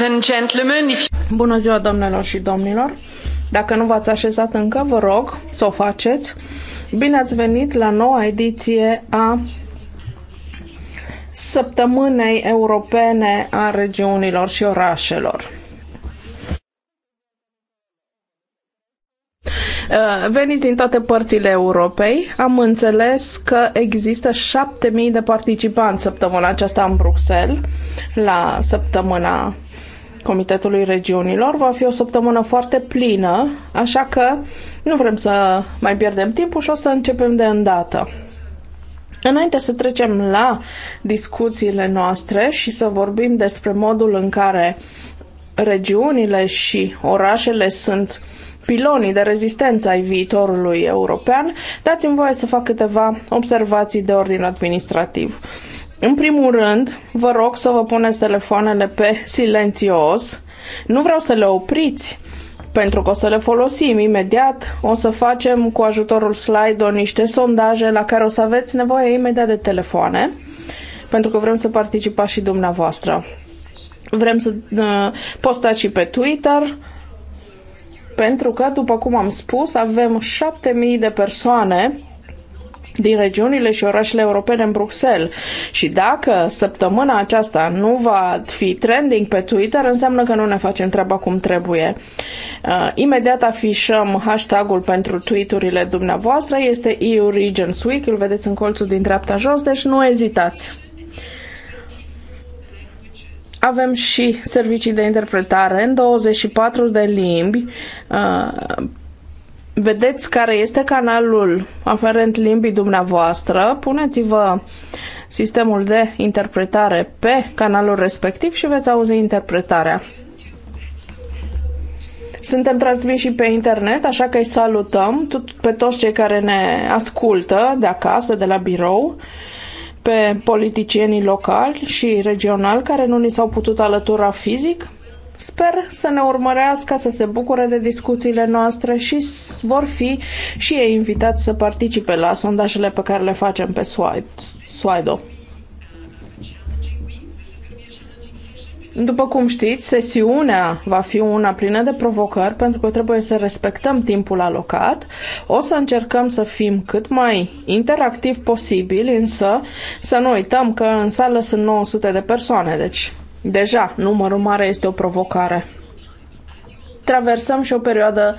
and gentlemen, if... Bună ziua, doamnelor și domnilor! Dacă nu v-ați așezat încă, vă rog să o faceți. Bine ați venit la noua ediție a Săptămânei Europene a Regiunilor și Orașelor. Uh, veniți din toate părțile Europei. Am înțeles că există 7000 de participanți săptămâna aceasta în Bruxelles la săptămâna Comitetului Regiunilor. Va fi o săptămână foarte plină, așa că nu vrem să mai pierdem timpul și o să începem de îndată. Înainte să trecem la discuțiile noastre și să vorbim despre modul în care regiunile și orașele sunt pilonii de rezistență ai viitorului european, dați-mi voie să fac câteva observații de ordin administrativ. În primul rând, vă rog să vă puneți telefoanele pe silențios. Nu vreau să le opriți, pentru că o să le folosim imediat. O să facem cu ajutorul slide-o niște sondaje la care o să aveți nevoie imediat de telefoane, pentru că vrem să participați și dumneavoastră. Vrem să uh, postați și pe Twitter, pentru că, după cum am spus, avem 7000 de persoane din regiunile și orașele europene în Bruxelles. Și dacă săptămâna aceasta nu va fi trending pe Twitter, înseamnă că nu ne facem treaba cum trebuie. Uh, imediat afișăm hashtagul pentru tweeturile dumneavoastră, este EU Regions Week, îl vedeți în colțul din dreapta jos, deci nu ezitați. Avem și servicii de interpretare în 24 de limbi uh, vedeți care este canalul aferent limbii dumneavoastră, puneți-vă sistemul de interpretare pe canalul respectiv și veți auzi interpretarea. Suntem transmiși și pe internet, așa că îi salutăm pe toți cei care ne ascultă de acasă, de la birou, pe politicienii locali și regionali care nu ni s-au putut alătura fizic, Sper să ne urmărească, să se bucure de discuțiile noastre și vor fi și ei invitați să participe la sondajele pe care le facem pe Swido. După cum știți, sesiunea va fi una plină de provocări pentru că trebuie să respectăm timpul alocat. O să încercăm să fim cât mai interactiv posibil, însă să nu uităm că în sală sunt 900 de persoane, deci Deja, numărul mare este o provocare. Traversăm și o perioadă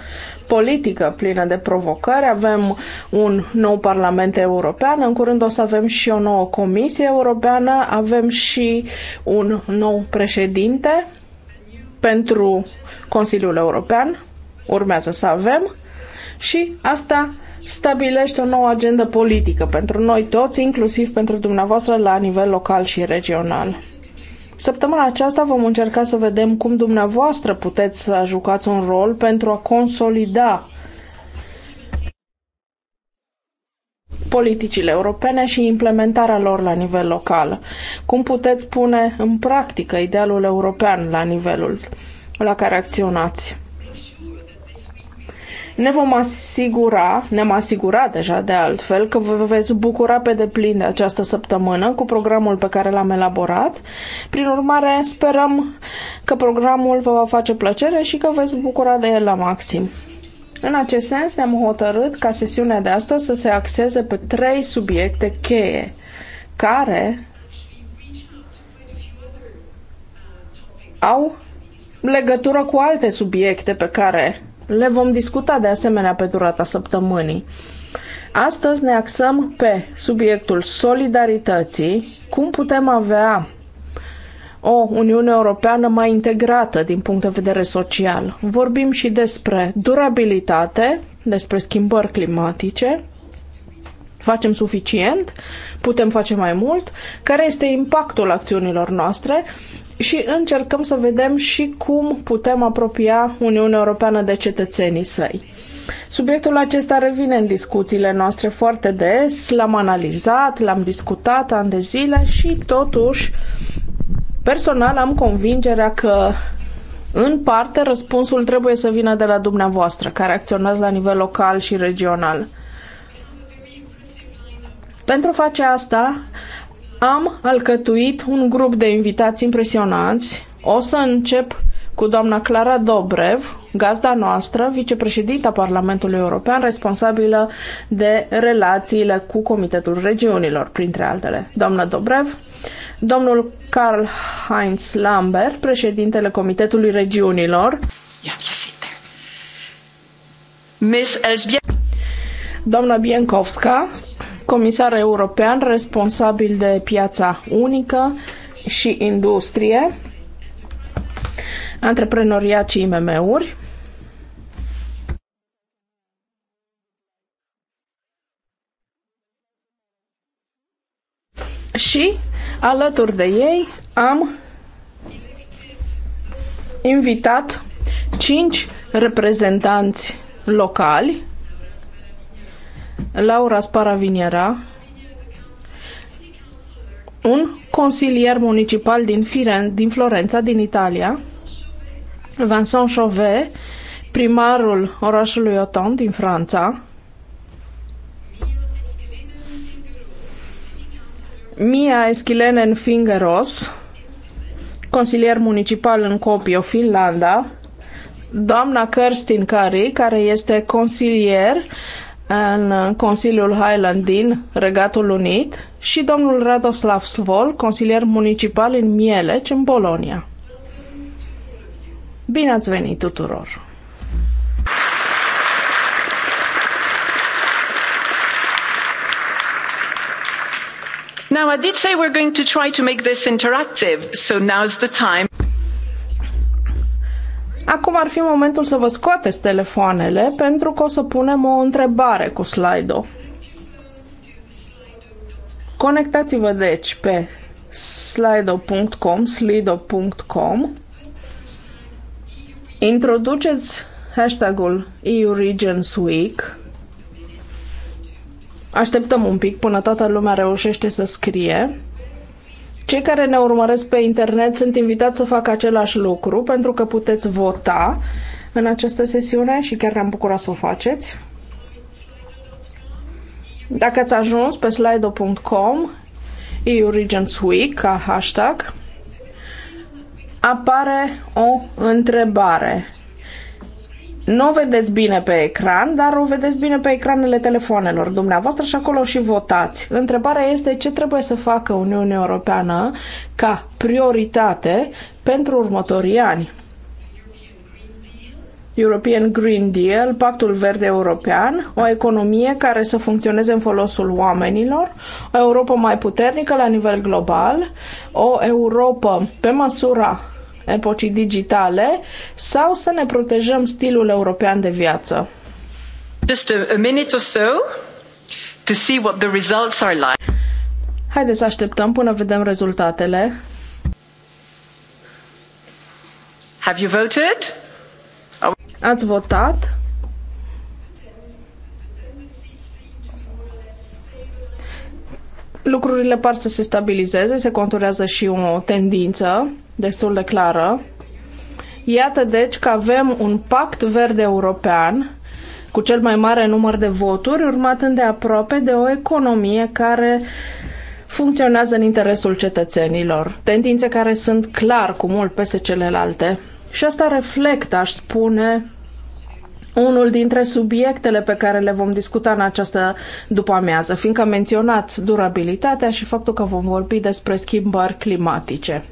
politică plină de provocări. Avem un nou Parlament European, în curând o să avem și o nouă Comisie Europeană, avem și un nou președinte pentru Consiliul European, urmează să avem, și asta stabilește o nouă agendă politică pentru noi toți, inclusiv pentru dumneavoastră la nivel local și regional. Săptămâna aceasta vom încerca să vedem cum dumneavoastră puteți să jucați un rol pentru a consolida politicile europene și implementarea lor la nivel local. Cum puteți pune în practică idealul european la nivelul la care acționați? ne vom asigura, ne-am asigurat deja de altfel, că vă veți bucura pe deplin de această săptămână cu programul pe care l-am elaborat. Prin urmare, sperăm că programul vă va face plăcere și că veți bucura de el la maxim. În acest sens, ne-am hotărât ca sesiunea de astăzi să se axeze pe trei subiecte cheie, care au legătură cu alte subiecte pe care le vom discuta de asemenea pe durata săptămânii. Astăzi ne axăm pe subiectul solidarității, cum putem avea o Uniune Europeană mai integrată din punct de vedere social. Vorbim și despre durabilitate, despre schimbări climatice. Facem suficient? Putem face mai mult? Care este impactul acțiunilor noastre? și încercăm să vedem și cum putem apropia Uniunea Europeană de cetățenii săi. Subiectul acesta revine în discuțiile noastre foarte des, l-am analizat, l-am discutat ani de zile și totuși personal am convingerea că în parte răspunsul trebuie să vină de la dumneavoastră, care acționați la nivel local și regional. Pentru a face asta, am alcătuit un grup de invitați impresionanți. O să încep cu doamna Clara Dobrev, gazda noastră, vicepreședinta Parlamentului European, responsabilă de relațiile cu Comitetul Regiunilor, printre altele. Doamna Dobrev, domnul Karl Heinz Lambert, președintele Comitetului Regiunilor. Miss Elzbieta. Doamna Biencovska, comisar european responsabil de piața unică și industrie, antreprenoriat și IMM-uri. Și alături de ei am invitat cinci reprezentanți locali Laura Sparaviniera, un consilier municipal din, Firen, din Florența, din Italia, Vincent Chauvet, primarul orașului Oton din Franța, Mia Eschilenen Fingeros, consilier municipal în Copio, Finlanda, doamna Kerstin Kari, care este consilier în Consiliul Highland din Regatul Unit și domnul Radoslav Svol, consilier municipal în Mielec, în Polonia. Bine ați venit tuturor! Now, I did say we're going to try to make this interactive, so now's the time. Acum ar fi momentul să vă scoateți telefoanele pentru că o să punem o întrebare cu Slido. Conectați-vă deci pe slido.com, slido.com Introduceți hashtagul EU Regions Week. Așteptăm un pic până toată lumea reușește să scrie. Cei care ne urmăresc pe internet sunt invitați să facă același lucru pentru că puteți vota în această sesiune și chiar ne-am bucurat să o faceți. Dacă ați ajuns pe slido.com, EU Regions Week ca hashtag, apare o întrebare nu o vedeți bine pe ecran, dar o vedeți bine pe ecranele telefonelor dumneavoastră și acolo și votați. Întrebarea este ce trebuie să facă Uniunea Europeană ca prioritate pentru următorii ani. European Green Deal, Pactul Verde European, o economie care să funcționeze în folosul oamenilor, o Europa mai puternică la nivel global, o Europa pe măsura epocii digitale sau să ne protejăm stilul european de viață. Just a, a minute or so to see what the results are like. Haideți să așteptăm până vedem rezultatele. Have you voted? Ați votat? Lucrurile par să se stabilizeze, se conturează și o tendință destul de clară. Iată deci că avem un pact verde european cu cel mai mare număr de voturi, urmat de aproape de o economie care funcționează în interesul cetățenilor, tendințe care sunt clar cu mult peste celelalte. Și asta reflectă, aș spune, unul dintre subiectele pe care le vom discuta în această după-amiază, fiindcă am menționat durabilitatea și faptul că vom vorbi despre schimbări climatice.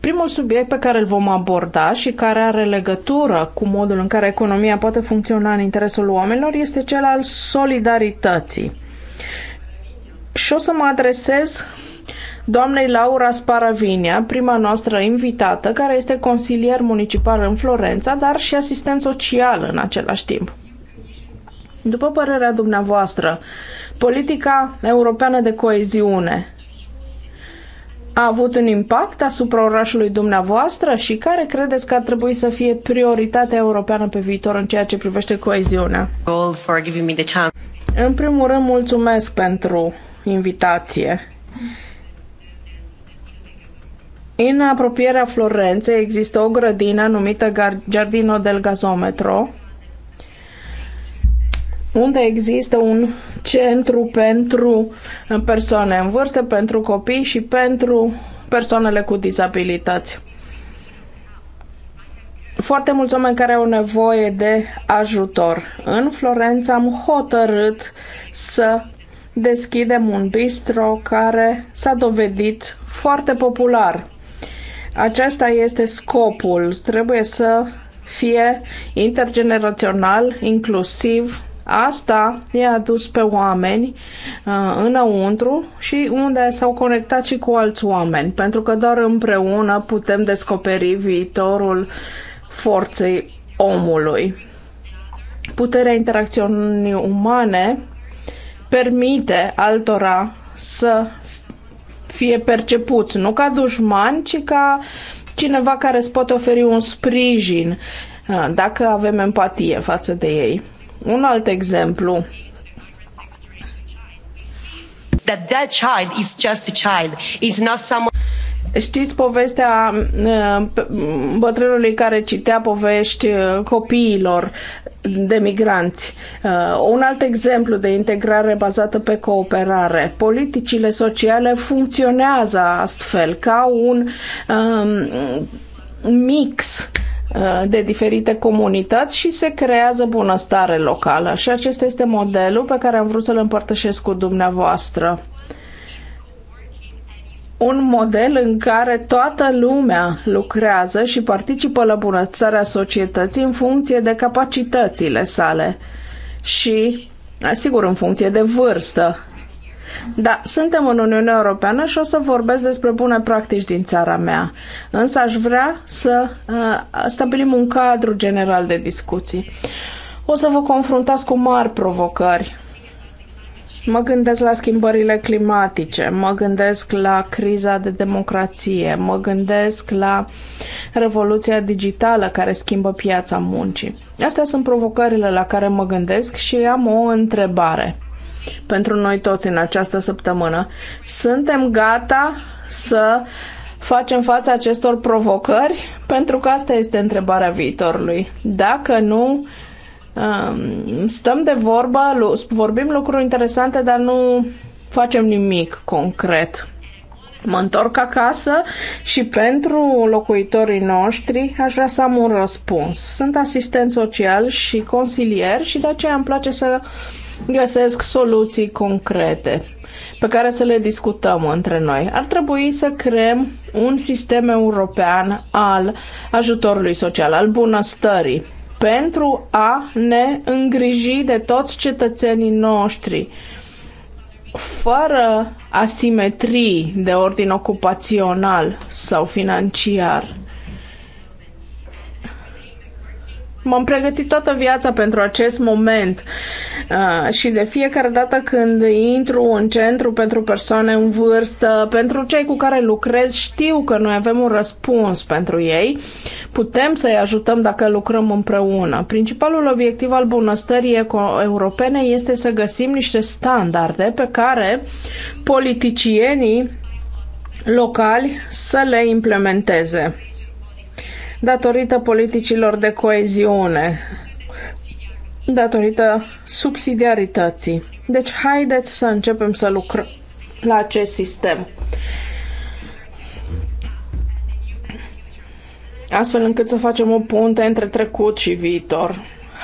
Primul subiect pe care îl vom aborda și care are legătură cu modul în care economia poate funcționa în interesul oamenilor este cel al solidarității. Și o să mă adresez doamnei Laura Sparavinia, prima noastră invitată, care este consilier municipal în Florența, dar și asistent social în același timp. După părerea dumneavoastră, politica europeană de coeziune a avut un impact asupra orașului dumneavoastră și care credeți că ar trebui să fie prioritatea europeană pe viitor în ceea ce privește coeziunea? În primul rând, mulțumesc pentru invitație. În apropierea Florenței există o grădină numită Giardino del Gazometro, unde există un centru pentru uh, persoane în vârstă, pentru copii și pentru persoanele cu dizabilități. Foarte mulți oameni care au nevoie de ajutor. În Florența am hotărât să deschidem un bistro care s-a dovedit foarte popular. Acesta este scopul. Trebuie să fie intergenerațional, inclusiv Asta i-a dus pe oameni uh, înăuntru și unde s-au conectat și cu alți oameni, pentru că doar împreună putem descoperi viitorul forței omului. Puterea interacțiunii umane permite altora să fie percepuți, nu ca dușman, ci ca cineva care îți poate oferi un sprijin uh, dacă avem empatie față de ei. Un alt exemplu. That that child is just a child, is not someone Știți povestea uh, bătrânului care citea povești uh, copiilor de migranți. Uh, un alt exemplu de integrare bazată pe cooperare. Politicile sociale funcționează astfel, ca un um, mix Uh, de diferite comunități și se creează bunăstare locală. Și acesta este modelul pe care am vrut să-l împărtășesc cu dumneavoastră. Un model în care toată lumea lucrează și participă la bunăstarea societății în funcție de capacitățile sale și, sigur, în funcție de vârstă. Da, suntem în Uniunea Europeană și o să vorbesc despre bune practici din țara mea. Însă aș vrea să uh, stabilim un cadru general de discuții. O să vă confruntați cu mari provocări. Mă gândesc la schimbările climatice, mă gândesc la criza de democrație, mă gândesc la revoluția digitală care schimbă piața muncii. Astea sunt provocările la care mă gândesc și am o întrebare pentru noi toți în această săptămână. Suntem gata să facem față acestor provocări? Pentru că asta este întrebarea viitorului. Dacă nu, um, stăm de vorbă, vorbim lucruri interesante, dar nu facem nimic concret. Mă întorc acasă și pentru locuitorii noștri aș vrea să am un răspuns. Sunt asistent social și consilier și de aceea îmi place să uh, găsesc soluții concrete pe care să le discutăm între noi. Ar trebui să creăm un sistem european al ajutorului social, al bunăstării, pentru a ne îngriji de toți cetățenii noștri, fără asimetrii de ordin ocupațional sau financiar M-am pregătit toată viața pentru acest moment uh, și de fiecare dată când intru în centru pentru persoane în vârstă, pentru cei cu care lucrez, știu că noi avem un răspuns pentru ei. Putem să-i ajutăm dacă lucrăm împreună. Principalul obiectiv al bunăstării europene este să găsim niște standarde pe care politicienii locali să le implementeze datorită politicilor de coeziune, datorită subsidiarității. Deci haideți să începem să lucrăm la acest sistem. Astfel încât să facem o punte între trecut și viitor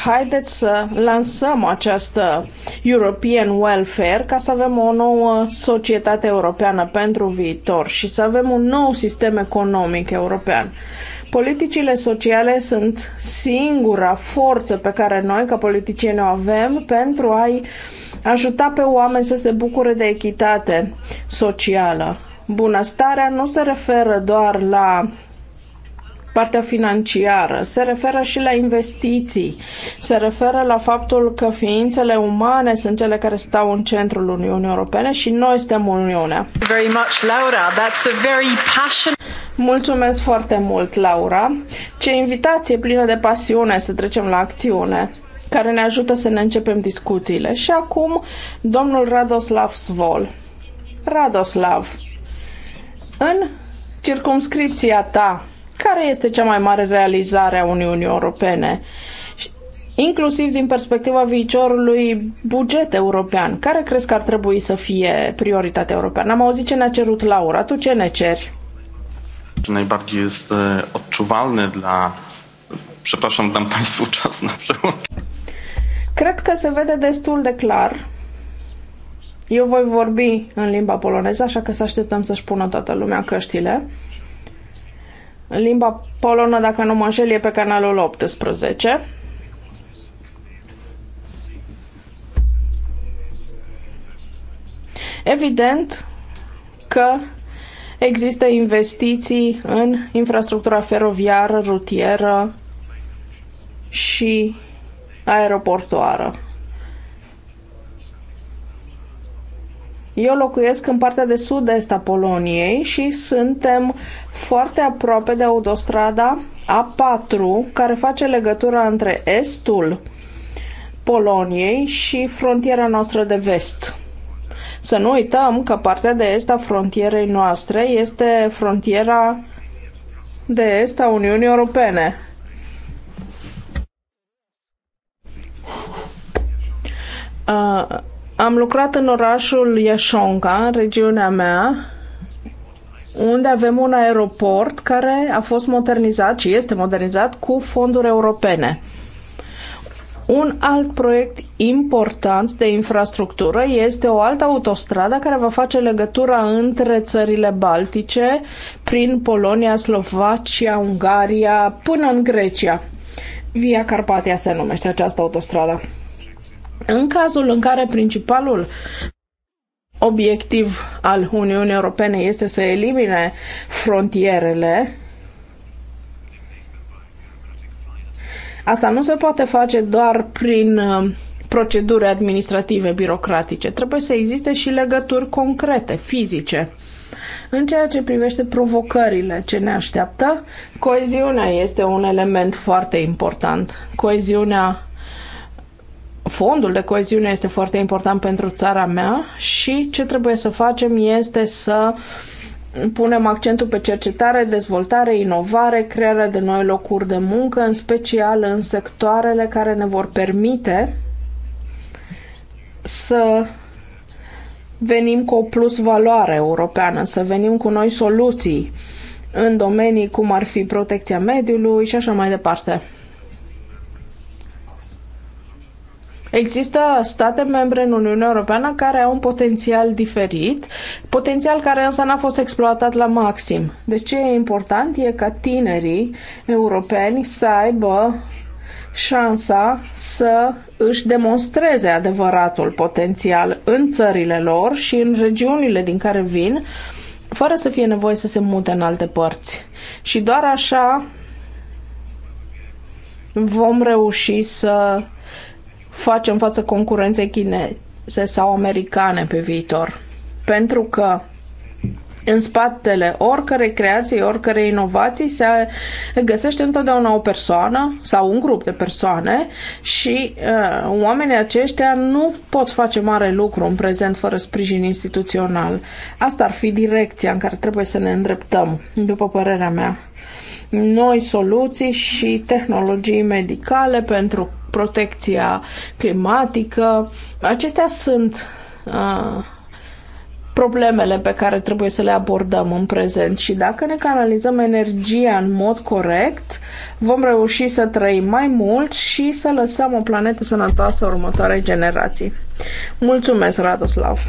haideți să lansăm această European Welfare ca să avem o nouă societate europeană pentru viitor și să avem un nou sistem economic european. Politicile sociale sunt singura forță pe care noi, ca politicieni, o avem pentru a-i ajuta pe oameni să se bucure de echitate socială. Bunăstarea nu se referă doar la partea financiară, se referă și la investiții, se referă la faptul că ființele umane sunt cele care stau în centrul Uniunii Europene și noi suntem Uniunea. Very much, Laura. That's a very passion... Mulțumesc foarte mult, Laura. Ce invitație plină de pasiune să trecem la acțiune care ne ajută să ne începem discuțiile. Și acum, domnul Radoslav Svol. Radoslav, în circumscripția ta care este cea mai mare realizare a Uniunii Europene inclusiv din perspectiva viitorului buget european. Care crezi că ar trebui să fie prioritatea europeană? Am auzit ce ne-a cerut Laura. Tu ce ne ceri? Najbardziej jest odczuwalny dla... Przepraszam, dam Państwu czas na przełączenie. Cred că se vede destul de clar. Eu voi vorbi în limba poloneză, așa că să așteptăm să-și pună toată lumea căștile în limba polonă, dacă nu mă înșel, e pe canalul 18. Evident că există investiții în infrastructura feroviară, rutieră și aeroportoară. Eu locuiesc în partea de sud-est a Poloniei și suntem foarte aproape de autostrada A4, care face legătura între estul Poloniei și frontiera noastră de vest. Să nu uităm că partea de est a frontierei noastre este frontiera de est a Uniunii Europene. Uh, am lucrat în orașul Iașonca, în regiunea mea, unde avem un aeroport care a fost modernizat și este modernizat cu fonduri europene. Un alt proiect important de infrastructură este o altă autostradă care va face legătura între țările baltice prin Polonia, Slovacia, Ungaria până în Grecia. Via Carpatia se numește această autostradă. În cazul în care principalul obiectiv al Uniunii Europene este să elimine frontierele, asta nu se poate face doar prin uh, proceduri administrative, birocratice. Trebuie să existe și legături concrete, fizice. În ceea ce privește provocările ce ne așteaptă, coeziunea este un element foarte important. Coeziunea fondul de coeziune este foarte important pentru țara mea și ce trebuie să facem este să punem accentul pe cercetare, dezvoltare, inovare, crearea de noi locuri de muncă, în special în sectoarele care ne vor permite să venim cu o plus valoare europeană, să venim cu noi soluții în domenii cum ar fi protecția mediului și așa mai departe. Există state membre în Uniunea Europeană care au un potențial diferit, potențial care însă n-a fost exploatat la maxim. De deci ce e important e ca tinerii europeni să aibă șansa să își demonstreze adevăratul potențial în țările lor și în regiunile din care vin, fără să fie nevoie să se mute în alte părți. Și doar așa vom reuși să facem față concurenței chineze sau americane pe viitor. Pentru că în spatele oricărei creații, oricărei inovații se găsește întotdeauna o persoană sau un grup de persoane și uh, oamenii aceștia nu pot face mare lucru în prezent fără sprijin instituțional. Asta ar fi direcția în care trebuie să ne îndreptăm, după părerea mea. Noi soluții și tehnologii medicale pentru protecția climatică. Acestea sunt uh, problemele pe care trebuie să le abordăm în prezent și dacă ne canalizăm energia în mod corect, vom reuși să trăim mai mult și să lăsăm o planetă sănătoasă următoarei generații. Mulțumesc, Radoslav!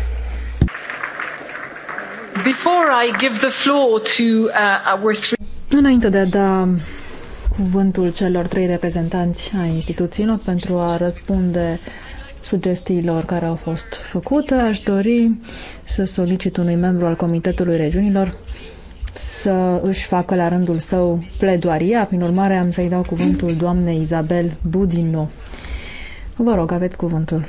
Before I give the floor to uh, our three... Înainte de a da cuvântul celor trei reprezentanți ai instituțiilor pentru a răspunde sugestiilor care au fost făcute. Aș dori să solicit unui membru al Comitetului Regiunilor să își facă la rândul său pledoaria. Prin urmare, am să-i dau cuvântul doamnei Izabel Budino. Vă rog, aveți cuvântul.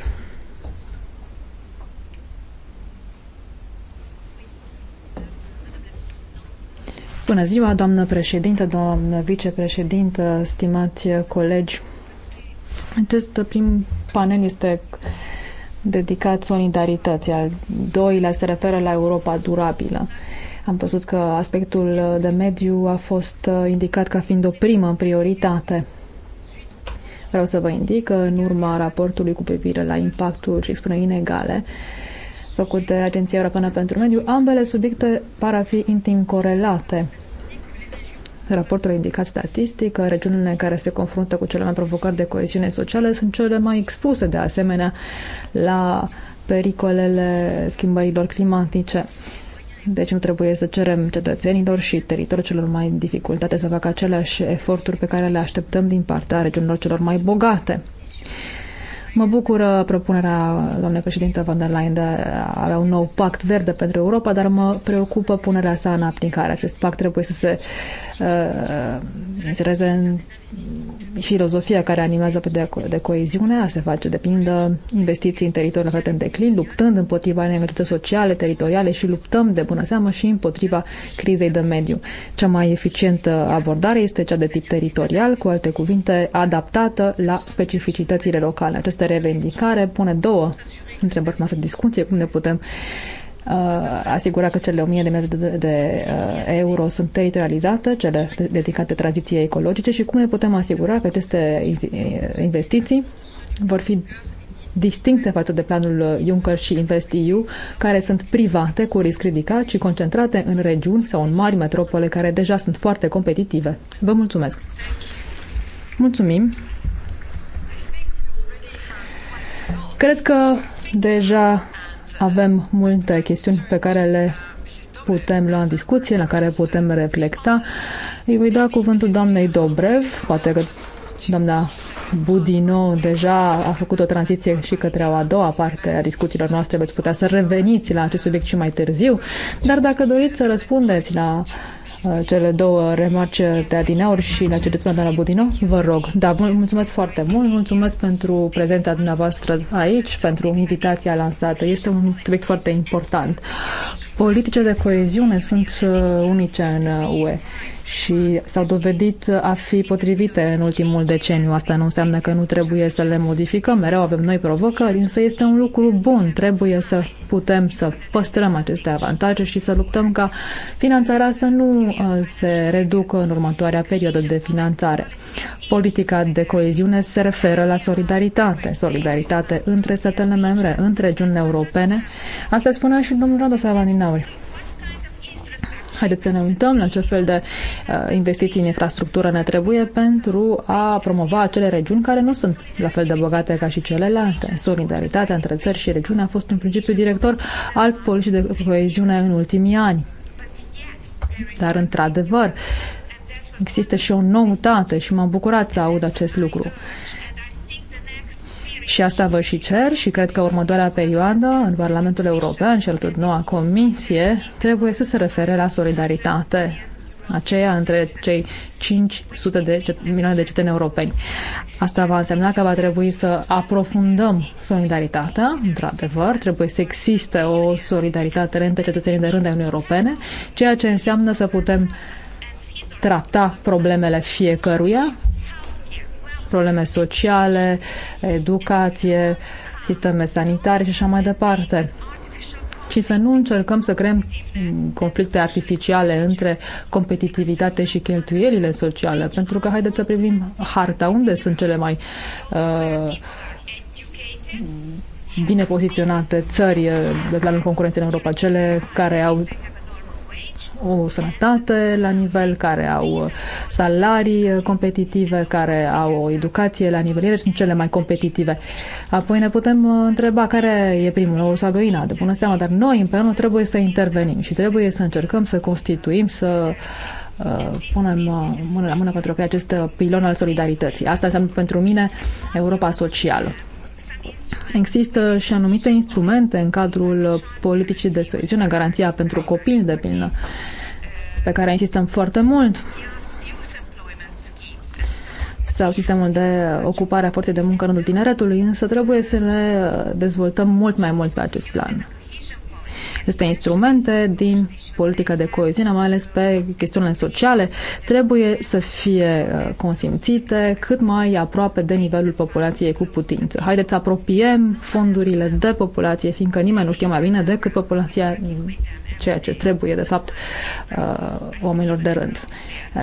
Bună ziua, doamnă președintă, doamnă vicepreședintă, stimați colegi. Acest prim panel este dedicat solidarității. Al doilea se referă la Europa durabilă. Am văzut că aspectul de mediu a fost indicat ca fiind o primă prioritate. Vreau să vă indic că în urma raportului cu privire la impactul și expunerii inegale făcut de Agenția Europeană pentru Mediu, ambele subiecte par a fi intim corelate. Raportul a indicat statistic că regiunile care se confruntă cu cele mai provocări de coeziune socială sunt cele mai expuse, de asemenea, la pericolele schimbărilor climatice. Deci nu trebuie să cerem cetățenilor și teritoriilor celor mai în dificultate să facă aceleași eforturi pe care le așteptăm din partea regiunilor celor mai bogate. Mă bucură propunerea doamnei președinte van der Leyen de a avea un nou pact verde pentru Europa, dar mă preocupă punerea sa în aplicare. Acest pact trebuie să se uh, înțeleze în filozofia care animează pe de, co- de coeziune, a se face, depindă investiții în teritoriul aflate în declin, luptând împotriva inegalității sociale, teritoriale și luptăm de bună seamă și împotriva crizei de mediu. Cea mai eficientă abordare este cea de tip teritorial, cu alte cuvinte, adaptată la specificitățile locale. Acest această revendicare pune două întrebări în această discuție, cum ne putem uh, asigura că cele 1000 de miliarde de, de uh, euro sunt teritorializate, cele dedicate tranziției ecologice și cum ne putem asigura că aceste uh, investiții vor fi distincte față de planul Juncker și InvestEU, care sunt private cu risc ridicat și concentrate în regiuni sau în mari metropole care deja sunt foarte competitive. Vă mulțumesc! Mulțumim! Cred că deja avem multe chestiuni pe care le putem lua în discuție, la care putem reflecta. Îi voi da cuvântul doamnei Dobrev, poate că deci, doamna Budino deja a făcut o tranziție și către o a doua parte a discuțiilor noastre, veți putea să reveniți la acest subiect și mai târziu, dar dacă doriți să răspundeți la uh, cele două remarci de adineauri și la cele spune doamna Budino, vă rog. Da, mulțumesc foarte mult, mulțumesc pentru prezența dumneavoastră aici, pentru invitația lansată. Este un subiect foarte important. Politice de coeziune sunt uh, unice în uh, UE și s-au dovedit a fi potrivite în ultimul deceniu. Asta nu înseamnă că nu trebuie să le modificăm, mereu avem noi provocări, însă este un lucru bun. Trebuie să putem să păstrăm aceste avantaje și să luptăm ca finanțarea să nu uh, se reducă în următoarea perioadă de finanțare. Politica de coeziune se referă la solidaritate, solidaritate între statele membre, între regiunile europene. Asta spunea și domnul Radu Savaninauri. Haideți să ne uităm la ce fel de uh, investiții în infrastructură ne trebuie pentru a promova acele regiuni care nu sunt la fel de bogate ca și celelalte. Solidaritatea între țări și regiuni a fost un principiu director al politicii de coeziune în ultimii ani. Dar, într-adevăr, există și o noutate și m-am bucurat să aud acest lucru. Și asta vă și cer și cred că următoarea perioadă în Parlamentul European și altul noua comisie trebuie să se refere la solidaritate aceea între cei 500 de milioane de cetățeni europeni. Asta va însemna că va trebui să aprofundăm solidaritatea, într-adevăr, trebuie să existe o solidaritate între cetățenii de rând ai Uniunii Europene, ceea ce înseamnă să putem trata problemele fiecăruia probleme sociale, educație, sisteme sanitare și așa mai departe și să nu încercăm să creăm conflicte artificiale între competitivitate și cheltuielile sociale, pentru că haideți să privim harta, unde sunt cele mai uh, bine poziționate țări uh, de planul concurenței în Europa, cele care au o sănătate la nivel, care au salarii competitive, care au o educație la nivel. Ele sunt cele mai competitive. Apoi ne putem uh, întreba care e primul ou sau găina, de bună seama, dar noi împreună trebuie să intervenim și trebuie să încercăm să constituim, să uh, punem uh, mână la mână pentru a crea acest pilon al solidarității. Asta înseamnă pentru mine Europa socială. Există și anumite instrumente în cadrul politicii de soiziune, garanția pentru copii, de pildă, pe care insistăm foarte mult, sau sistemul de ocupare a forței de muncă în rândul tineretului, însă trebuie să ne dezvoltăm mult mai mult pe acest plan aceste instrumente din politica de coeziune, mai ales pe chestiunile sociale, trebuie să fie uh, consimțite cât mai aproape de nivelul populației cu putință. Haideți să apropiem fondurile de populație, fiindcă nimeni nu știe mai bine decât populația ceea ce trebuie, de fapt, uh, oamenilor de rând.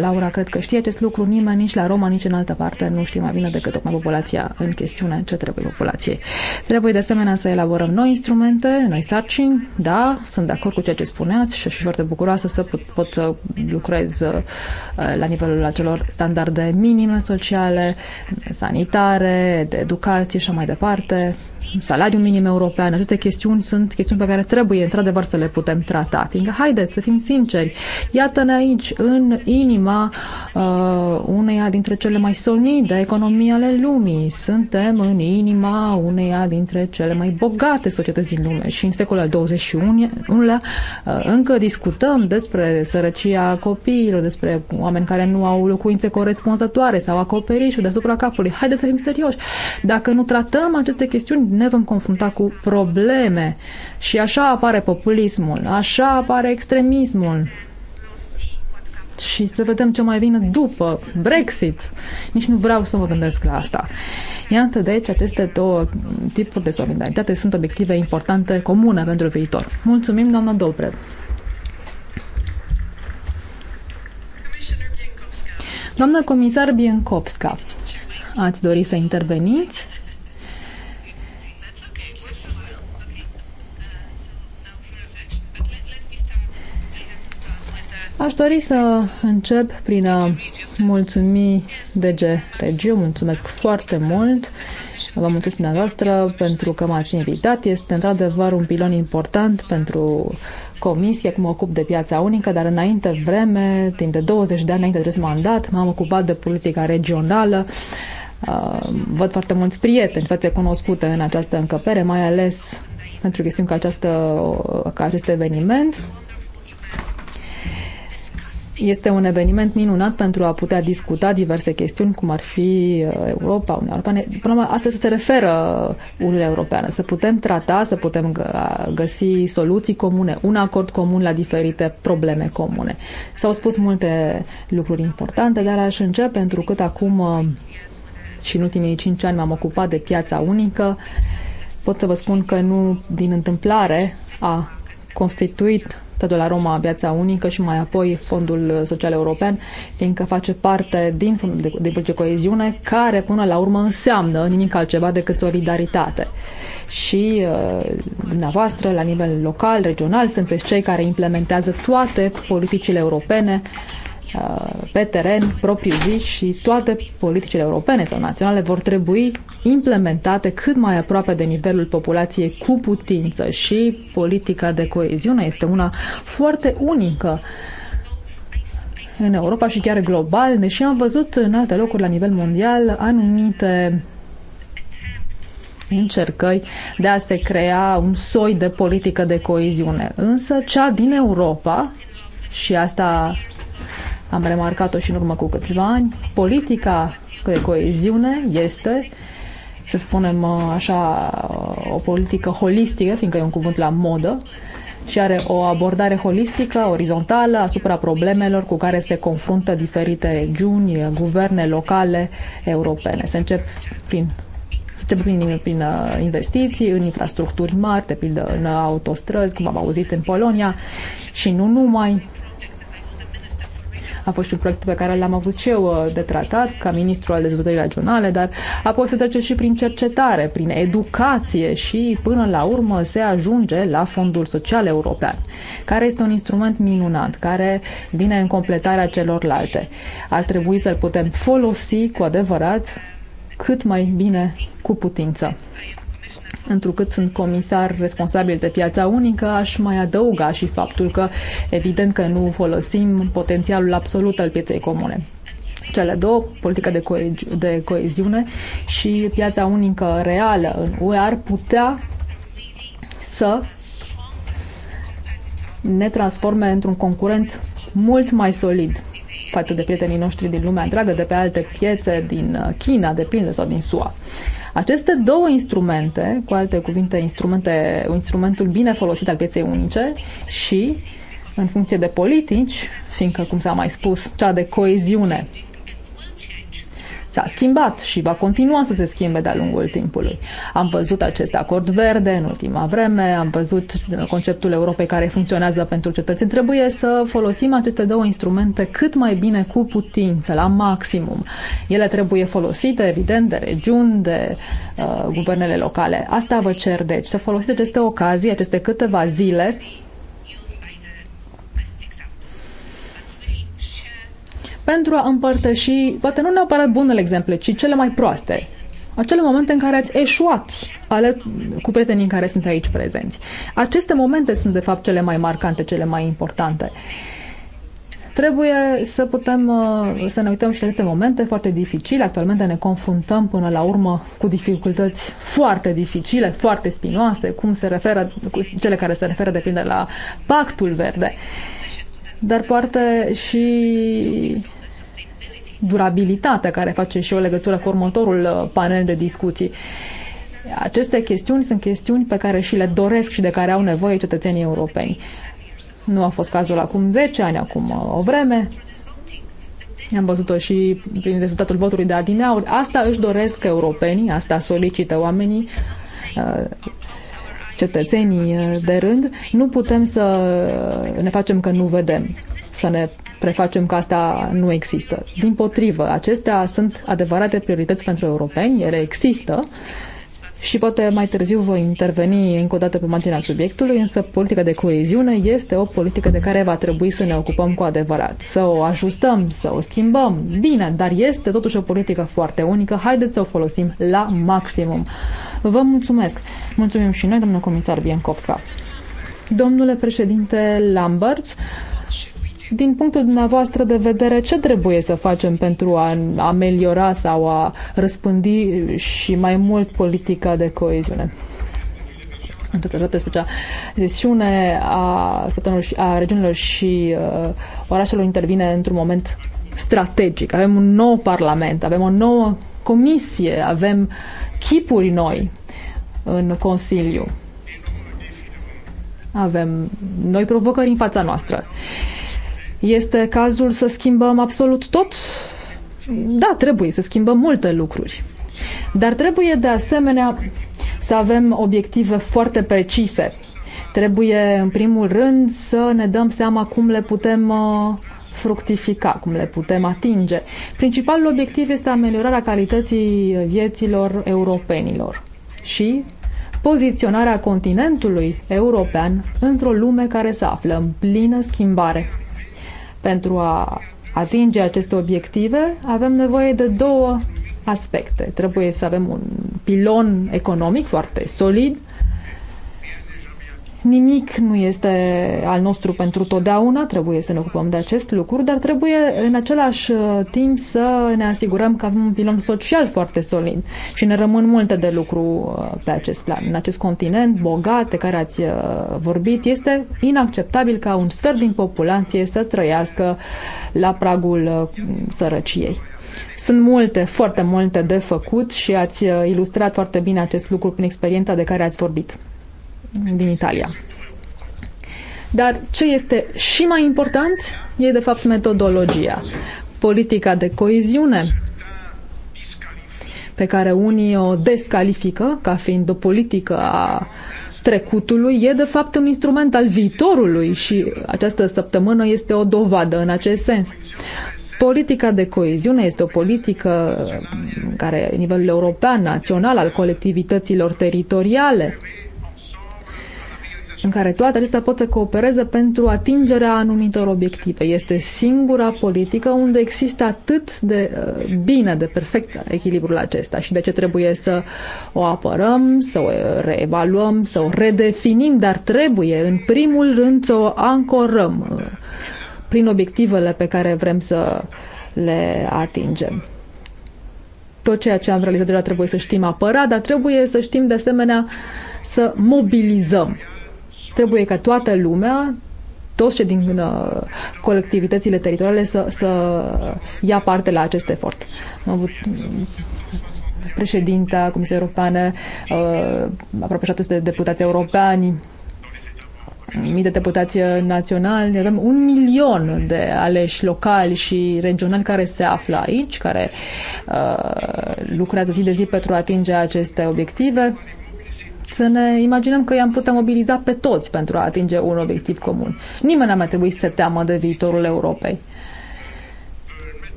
Laura, cred că știe acest lucru, nimeni nici la Roma, nici în altă parte nu știe mai bine decât tocmai populația în chestiune ce trebuie populației. Trebuie de asemenea să elaborăm noi instrumente, noi sarcini, da, sunt de acord cu ceea ce spuneați și sunt foarte bucuroasă să pot, pot să lucrez uh, la nivelul acelor standarde minime sociale, sanitare, de educație și așa mai departe, salariu minim european, aceste chestiuni sunt chestiuni pe care trebuie într-adevăr să le putem tra ta, fiindcă, haideți să fim sinceri, iată-ne aici, în inima uh, uneia dintre cele mai solide economii ale lumii. Suntem în inima uneia dintre cele mai bogate societăți din lume și în secolul 21-lea uh, încă discutăm despre sărăcia copiilor, despre oameni care nu au locuințe corespunzătoare sau acoperișul deasupra capului. Haideți să fim serioși. Dacă nu tratăm aceste chestiuni, ne vom confrunta cu probleme. Uh, și așa apare populismul, așa apare extremismul. Și să vedem ce mai vine după Brexit. Nici nu vreau să mă gândesc la asta. Iată, deci, aceste două tipuri de solidaritate sunt obiective importante comune pentru viitor. Mulțumim, doamna Dobre. Doamna comisar Biencopska, ați dori să interveniți? Aș dori să încep prin a mulțumi DG Regiu, mulțumesc foarte mult. Vă mulțumesc dumneavoastră pentru că m-ați invitat. Este într-adevăr un pilon important pentru comisie, cum mă ocup de piața unică, dar înainte vreme, timp de 20 de ani înainte de acest mandat, m-am ocupat de politica regională. Uh, văd foarte mulți prieteni, fațe cunoscute în această încăpere, mai ales pentru chestiuni ca, această, ca acest eveniment este un eveniment minunat pentru a putea discuta diverse chestiuni, cum ar fi uh, Europa, Uniunea Europeană. Până la asta se referă Uniunea Europeană, să putem trata, să putem găsi soluții comune, un acord comun la diferite probleme comune. S-au spus multe lucruri importante, dar aș începe pentru că acum uh, și în ultimii cinci ani m-am ocupat de piața unică. Pot să vă spun că nu din întâmplare a constituit Statul la Roma, Piața Unică și mai apoi Fondul Social European, fiindcă face parte din Fondul de, de, de Coeziune, care până la urmă înseamnă nimic altceva decât solidaritate. Și uh, dumneavoastră, la nivel local, regional, sunteți cei care implementează toate politicile europene uh, Uh, pe teren propriu zis și toate politicile europene sau naționale vor trebui implementate cât mai aproape de nivelul populației cu putință și politica de coeziune este una foarte unică în Europa și chiar global, deși am văzut în alte locuri la nivel mondial anumite încercări de a se crea un soi de politică de coeziune. Însă cea din Europa, și asta am remarcat-o și în urmă cu câțiva ani, politica de coeziune este să spunem uh, așa, uh, o politică holistică, fiindcă e un cuvânt la modă, și are o abordare holistică, orizontală, asupra problemelor cu care se confruntă diferite regiuni, guverne locale europene. Se încep prin se prin, prin uh, investiții în infrastructuri mari, de pildă în autostrăzi, cum am auzit în Polonia, și nu numai a fost și un proiect pe care l-am avut și eu uh, de tratat ca ministru al dezvoltării regionale, dar apoi se trece și prin cercetare, prin educație și până la urmă se ajunge la Fondul Social European, care este un instrument minunat, care vine în completarea celorlalte. Ar trebui să-l putem folosi cu adevărat cât mai bine cu putință întrucât sunt comisar responsabil de piața unică, aș mai adăuga și faptul că evident că nu folosim potențialul absolut al pieței comune cele două, politica de, co- de coeziune și piața unică reală în UE ar putea să ne transforme într-un concurent mult mai solid față de prietenii noștri din lumea întreagă, de pe alte piețe, din uh, China, de pildă, sau din SUA. Aceste două instrumente, cu alte cuvinte, instrumente, instrumentul bine folosit al pieței unice și, în funcție de politici, fiindcă, cum s-a mai spus, cea de coeziune s-a schimbat și va continua să se schimbe de-a lungul timpului. Am văzut acest acord verde în ultima vreme, am văzut conceptul Europei care funcționează pentru cetățeni. Trebuie să folosim aceste două instrumente cât mai bine cu putință, la maximum. Ele trebuie folosite, evident, de regiuni, de uh, guvernele locale. Asta vă cer, deci, să folosiți aceste ocazii, aceste câteva zile pentru a împărtăși, poate nu neapărat bunele exemple, ci cele mai proaste. Acele momente în care ați eșuat ale, cu prietenii care sunt aici prezenți. Aceste momente sunt, de fapt, cele mai marcante, cele mai importante. Trebuie să putem uh, să ne uităm și la aceste momente foarte dificile. Actualmente ne confruntăm până la urmă cu dificultăți foarte dificile, foarte spinoase, cum se referă, cu cele care se referă de pildă la pactul verde. Uh, dar poartă și durabilitatea care face și o legătură cu următorul uh, panel de discuții. Aceste chestiuni sunt chestiuni pe care și le doresc și de care au nevoie cetățenii europeni. Nu a fost cazul acum 10 ani, acum uh, o vreme. Am văzut-o și prin rezultatul votului de adineauri. Asta își doresc europenii, asta solicită oamenii uh, cetățenii eh, de rând, nu putem să ne facem că nu vedem, să ne prefacem că asta nu există. Din potrivă, acestea sunt adevărate priorități pentru europeni, ele există, și poate mai târziu voi interveni încă o dată pe marginea subiectului, însă politica de coeziune este o politică de care va trebui să ne ocupăm cu adevărat, să o ajustăm, să o schimbăm. Bine, dar este totuși o politică foarte unică, haideți să o folosim la maximum. Vă mulțumesc! Mulțumim și noi, domnul comisar Biencovska. Domnule președinte Lamberts, din punctul dumneavoastră de vedere, ce trebuie să facem pentru a ameliora sau a răspândi și mai mult politica de coeziune? Întotdeauna toată toată sesiune a statelor și a regiunilor și uh, orașelor intervine într-un moment strategic. Avem un nou parlament, avem o nouă comisie, avem chipuri noi în Consiliu. Avem noi provocări în fața noastră. Uh, este cazul să schimbăm absolut tot? Da, trebuie să schimbăm multe lucruri. Dar trebuie de asemenea să avem obiective foarte precise. Trebuie, în primul rând, să ne dăm seama cum le putem uh, fructifica, cum le putem atinge. Principalul obiectiv este ameliorarea calității vieților europenilor și poziționarea continentului european într-o lume care se află în plină schimbare. Pentru a atinge aceste obiective, avem nevoie de două aspecte. Trebuie să avem un pilon economic foarte solid Nimic nu este al nostru pentru totdeauna, trebuie să ne ocupăm de acest lucru, dar trebuie în același uh, timp să ne asigurăm că avem un pilon social foarte solid și ne rămân multe de lucru uh, pe acest plan. În acest continent bogat de care ați uh, vorbit, este inacceptabil ca un sfert din populație să trăiască la pragul sărăciei. Sunt multe, foarte multe de făcut și ați ilustrat foarte bine acest lucru prin experiența de care ați vorbit din Italia. Dar ce este și mai important e, de fapt, metodologia. Politica de coeziune, pe care unii o descalifică ca fiind o politică a trecutului, e de fapt un instrument al viitorului și această săptămână este o dovadă în acest sens. Politica de coeziune este o politică care, la nivelul european, național, al colectivităților teritoriale, în care toate acestea pot să coopereze pentru atingerea anumitor obiective. Este singura politică unde există atât de uh, bine, de perfect echilibrul acesta și de ce trebuie să o apărăm, să o reevaluăm, să o redefinim, dar trebuie în primul rând să o ancorăm uh, prin obiectivele pe care vrem să le atingem tot ceea ce am realizat deja trebuie să știm apăra, dar trebuie să știm de asemenea să mobilizăm Trebuie ca toată lumea, toți cei din uh, colectivitățile teritoriale să, să ia parte la acest efort. Am avut mm, președinta Comisiei Europeană, uh, aproape 700 de deputați europeni, mii de deputați naționali, avem un milion de aleși locali și regionali care se află aici, care uh, lucrează zi de zi pentru a atinge aceste obiective să ne imaginăm că i-am putea mobiliza pe toți pentru a atinge un obiectiv comun. Nimeni n a mai trebuit să se teamă de viitorul Europei.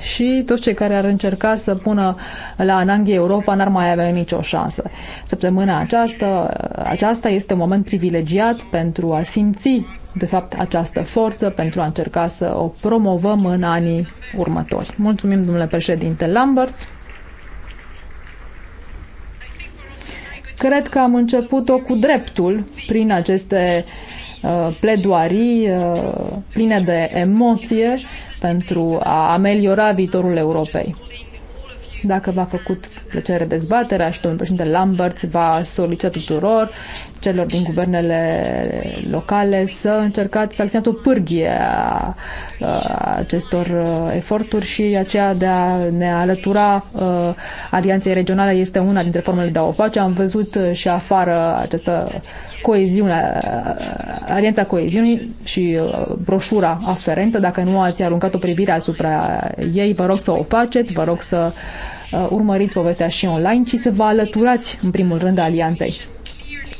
și toți cei care ar încerca să pună la ananghe Europa n-ar mai avea nicio șansă. Săptămâna aceasta, aceasta este un moment privilegiat pentru a simți, de fapt, această forță, pentru a încerca să o promovăm în anii următori. Mulțumim, domnule președinte Lamberts. Cred că am început-o cu dreptul prin aceste uh, pledoarii uh, pline de emoție pentru a ameliora viitorul Europei. Dacă v-a făcut plăcere dezbaterea și domnul președinte Lambert va solicita tuturor celor din guvernele locale să încercați să acționați o pârghie a, acestor uh, eforturi și aceea de a ne alătura uh, alianței regionale este una dintre formele de a o face. Am văzut uh, și afară această coeziune, alianța coeziunii și broșura aferentă. Dacă nu ați aruncat o privire asupra ei, vă rog să o faceți, vă rog să urmăriți povestea și online, ci să vă alăturați în primul rând alianței.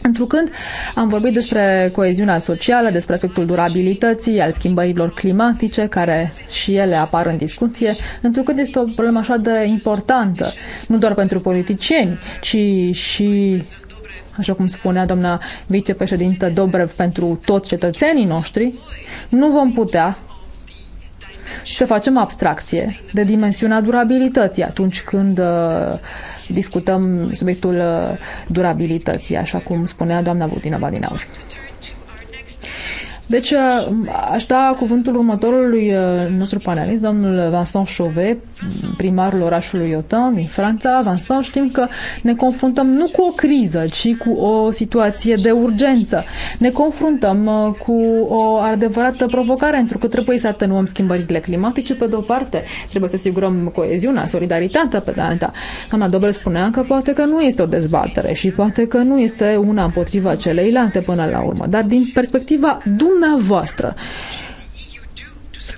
Întrucând am vorbit despre coeziunea socială, despre aspectul durabilității, al schimbărilor climatice, care și ele apar în discuție, întrucât este o problemă așa de importantă, nu doar pentru politicieni, ci și așa cum spunea doamna vicepreședintă Dobrev, pentru toți cetățenii noștri, nu vom putea și să facem abstracție de dimensiunea durabilității atunci când uh, discutăm subiectul uh, durabilității, așa cum spunea doamna Butinova din aur. Deci uh, aș da cuvântul următorului uh, nostru panelist, domnul Vincent Chauvet, primarul orașului Iotan din Franța. Vincent, știm că ne confruntăm nu cu o criză, ci cu o situație de urgență. Ne confruntăm uh, cu o adevărată provocare, pentru că trebuie să atenuăm schimbările climatice pe de-o parte, trebuie să asigurăm coeziunea, solidaritatea pe de alta. Doamna Dobre spunea că poate că nu este o dezbatere și poate că nu este una împotriva celeilalte până la urmă, dar din perspectiva dumneavoastră dumneavoastră.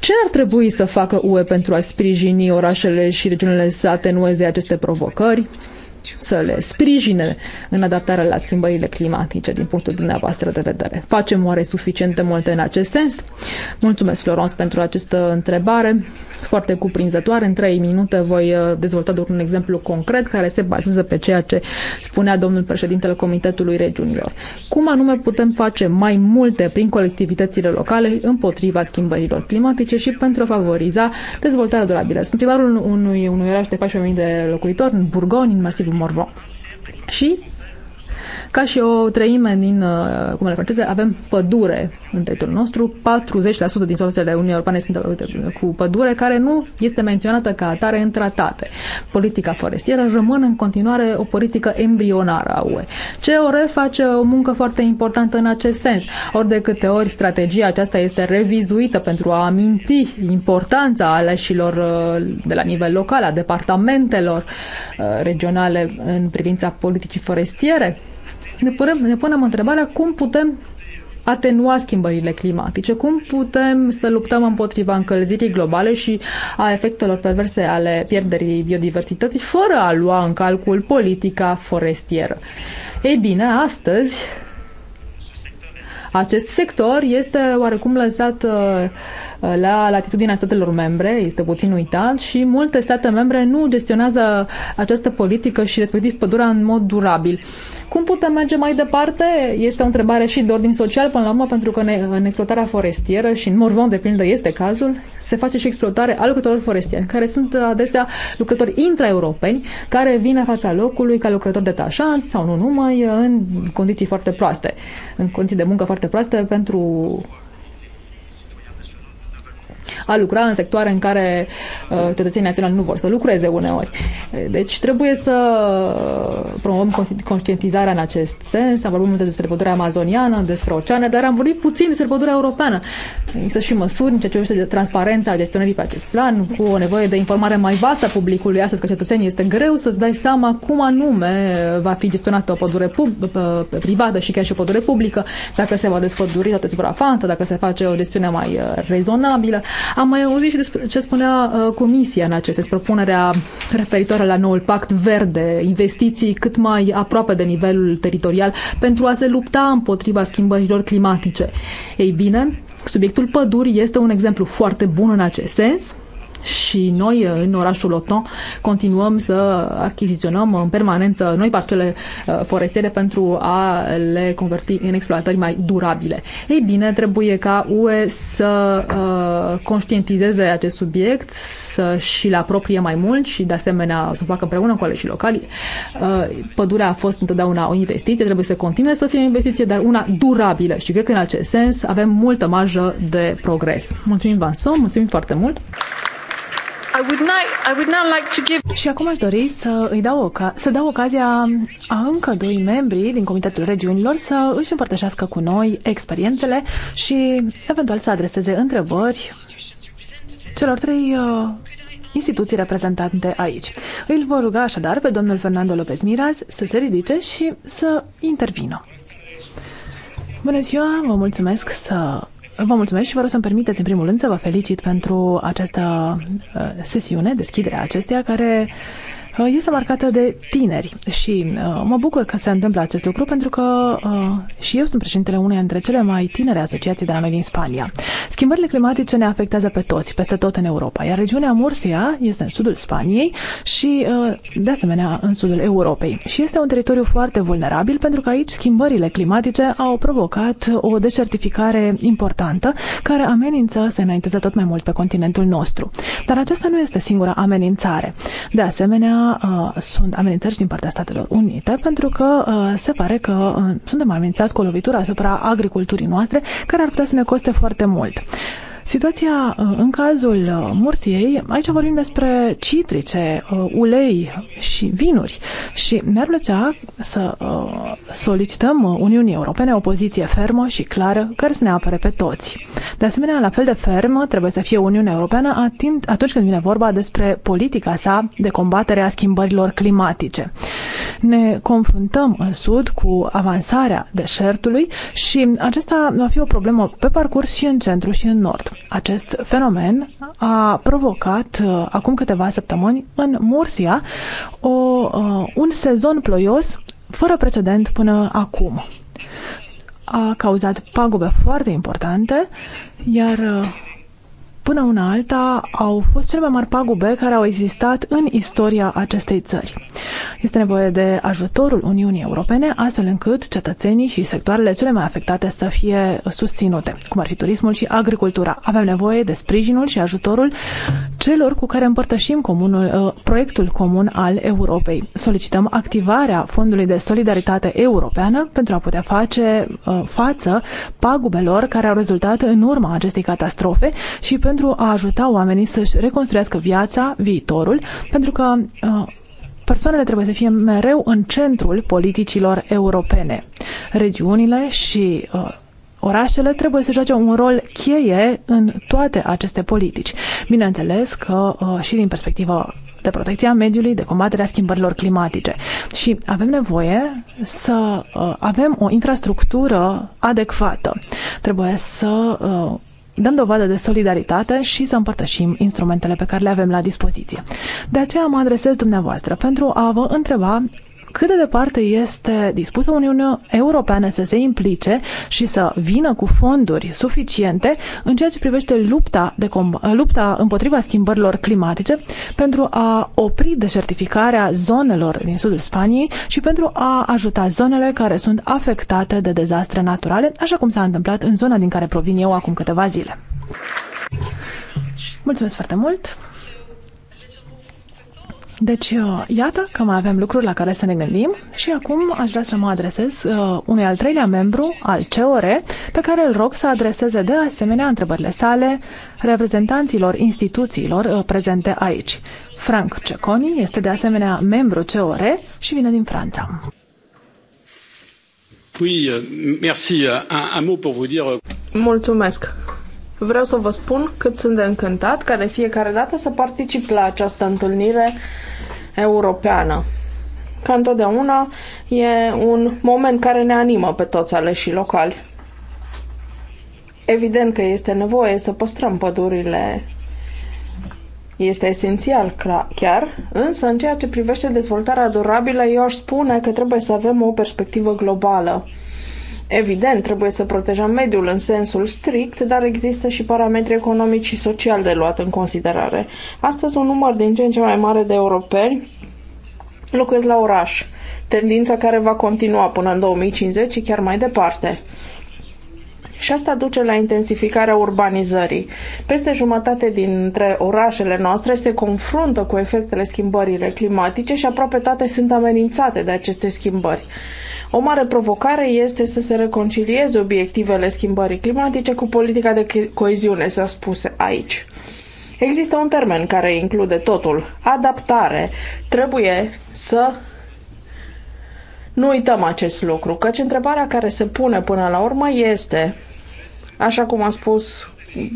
Ce ar trebui să facă UE pentru a sprijini orașele și regiunile sate în aceste provocări? Deci, să le sprijine în adaptarea la schimbările climatice din punctul dumneavoastră de vedere. Facem oare suficient de multe în acest sens? Mulțumesc, Florence, pentru această întrebare foarte cuprinzătoare. În trei minute voi uh, dezvolta doar un exemplu concret care se bazează pe ceea ce spunea domnul președintele Comitetului Regiunilor. Cum anume putem face mai multe prin colectivitățile locale împotriva schimbărilor climatice și pentru a favoriza dezvoltarea durabilă? Sunt primarul unui, unui oraș de 14.000 de locuitori, în Burgoni, în masivul Morbo. Și ca și o treime din le uh, franceze, avem pădure în teritoriul nostru. 40% din soluțele Uniunii Europene sunt uh, cu pădure, care nu este menționată ca atare în tratate. Politica forestieră rămâne în continuare o politică embrionară a UE. COR face o muncă foarte importantă în acest sens. Ori de câte ori strategia aceasta este revizuită pentru a aminti importanța aleșilor uh, de la nivel local, a departamentelor regionale în privința politicii forestiere, ne punem, ne punem întrebarea cum putem atenua schimbările climatice, cum putem să luptăm împotriva încălzirii globale și a efectelor perverse ale pierderii biodiversității, fără a lua în calcul politica forestieră. Ei bine, astăzi acest sector este oarecum lăsat uh, Uh, la latitudinea statelor membre, este puțin uitat și multe state membre nu gestionează această politică și respectiv pădurea în mod durabil. Cum putem merge mai departe? Este o întrebare și de ordin social până la urmă, pentru că în exploatarea forestieră și în Morvan, de pildă, este cazul, se face și exploatare a lucrătorilor forestieri, care sunt adesea lucrători intraeuropeni, care vin în fața locului ca lucrători detașați sau nu numai, în condiții foarte proaste, în condiții de muncă foarte proaste pentru a lucra în sectoare în care uh, cetățenii naționali nu vor să lucreze uneori. Deci trebuie să promovăm conștientizarea în acest sens. Am vorbit multe despre pădurea amazoniană, despre oceane, dar am vorbit puțin despre pădurea europeană. Există și măsuri în ceea ce privește transparența gestionării pe acest plan, cu o nevoie de informare mai vastă a publicului astăzi, că cetățenii este greu să-ți dai seama cum anume va fi gestionată o pădure privată și chiar și o pădure publică, dacă se va despăduri toată suprafața, dacă se face o gestiune mai uh, rezonabilă. Am mai auzit și despre ce spunea uh, Comisia în acest sens, propunerea referitoare la noul pact verde, investiții cât mai aproape de nivelul teritorial pentru a se lupta împotriva schimbărilor climatice. Ei bine, subiectul pădurii este un exemplu foarte bun în acest sens și noi în orașul Oton continuăm să achiziționăm în permanență noi parcele uh, forestiere pentru a le converti în exploatări mai durabile. Ei bine, trebuie ca UE să uh, conștientizeze acest subiect, să și-l apropie mai mult și de asemenea să facă împreună cu și locali. Uh, pădurea a fost întotdeauna o investiție, trebuie să continue să fie o investiție, dar una durabilă și cred că în acest sens avem multă marjă de progres. Mulțumim, Vanson, mulțumim foarte mult! I would now, I would now like to give... Și acum aș dori să, îi dau oca- să dau ocazia a încă doi membri din Comitetul Regiunilor să își împărtășească cu noi experiențele și eventual să adreseze întrebări celor trei uh, instituții reprezentante aici. Îl vor ruga așadar pe domnul Fernando Lopez Miraz să se ridice și să intervină. Bună ziua, vă mulțumesc să Vă mulțumesc și vă rog să-mi permiteți în primul rând să vă felicit pentru această uh, sesiune, deschiderea acesteia, care Uh, este marcată de tineri și uh, mă bucur că se întâmplă acest lucru pentru că uh, și eu sunt președintele unei dintre cele mai tinere asociații de la noi din Spania. Schimbările climatice ne afectează pe toți, peste tot în Europa, iar regiunea Mursia este în sudul Spaniei și de asemenea în sudul Europei și este un teritoriu foarte vulnerabil pentru că aici schimbările climatice au provocat o desertificare importantă care amenință să înainteze tot mai mult pe continentul nostru. Dar aceasta nu este singura amenințare. De asemenea, Uh, sunt amenințări din partea Statelor Unite, pentru că uh, se pare că uh, suntem amenințați cu o lovitură asupra agriculturii noastre, care ar putea să ne coste foarte mult. Situația uh, în cazul uh, Murției, aici vorbim despre citrice, uh, ulei și vinuri și mi-ar plăcea să solicităm Uniunii Europene o poziție fermă și clară care să ne apere pe toți. De asemenea, la fel de fermă trebuie să fie Uniunea Europeană atunci când vine vorba despre politica sa de combatere a schimbărilor climatice. Ne confruntăm în Sud cu avansarea deșertului și acesta va fi o problemă pe parcurs și în centru și în nord. Acest fenomen a provocat uh, acum câteva săptămâni în Mursia o, uh, un sezon ploios fără precedent până acum. A cauzat pagube foarte importante, iar uh, până una alta au fost cele mai mari pagube care au existat în istoria acestei țări. Este nevoie de ajutorul Uniunii Europene, astfel încât cetățenii și sectoarele cele mai afectate să fie susținute, cum ar fi turismul și agricultura. Avem nevoie de sprijinul și ajutorul celor cu care împărtășim comunul, uh, proiectul comun al Europei. Solicităm activarea Fondului de Solidaritate Europeană pentru a putea face uh, față pagubelor care au rezultat în urma acestei catastrofe și pentru pentru a ajuta oamenii să-și reconstruiască viața, viitorul, pentru că uh, persoanele trebuie să fie mereu în centrul politicilor europene. Regiunile și uh, Orașele trebuie să joace un rol cheie în toate aceste politici. Bineînțeles că uh, și din perspectiva de protecția mediului, de combaterea schimbărilor climatice. Și avem nevoie să avem o infrastructură adecvată. Trebuie să dăm dovadă de solidaritate și să împărtășim instrumentele pe care le avem la dispoziție. De aceea mă adresez dumneavoastră pentru a vă întreba cât de departe este dispusă Uniunea Europeană să se implice și să vină cu fonduri suficiente în ceea ce privește lupta, de lupta împotriva schimbărilor climatice pentru a opri deșertificarea zonelor din sudul Spaniei și pentru a ajuta zonele care sunt afectate de dezastre naturale, așa cum s-a întâmplat în zona din care provin eu acum câteva zile. Mulțumesc foarte mult! Deci, uh, iată că mai avem lucruri la care să ne gândim și acum aș vrea să mă adresez uh, unui al treilea membru al COR, pe care îl rog să adreseze de asemenea întrebările sale reprezentanților instituțiilor uh, prezente aici. Frank Ceconi este de asemenea membru COR și vine din Franța. Oui, euh, merci. Un, un mot pour vous dire... Euh, Mulțumesc. Vreau să vă spun cât sunt de încântat ca de fiecare dată să particip la această întâlnire europeană. Ca întotdeauna e un moment care ne animă pe toți aleșii locali. Evident că este nevoie să păstrăm pădurile este esențial chiar, însă în ceea ce privește dezvoltarea durabilă, eu aș spune că trebuie să avem o perspectivă globală. Evident, trebuie să protejăm mediul în sensul strict, dar există și parametri economici și sociali de luat în considerare. Astăzi, un număr din ce în ce mai mare de europeni locuiesc la oraș, tendința care va continua până în 2050 și chiar mai departe. Și asta duce la intensificarea urbanizării. Peste jumătate dintre orașele noastre se confruntă cu efectele schimbărilor climatice și aproape toate sunt amenințate de aceste schimbări. O mare provocare este să se reconcilieze obiectivele schimbării climatice cu politica de coeziune, s-a spus aici. Există un termen care include totul, adaptare. Trebuie să nu uităm acest lucru, căci întrebarea care se pune până la urmă este, așa cum a spus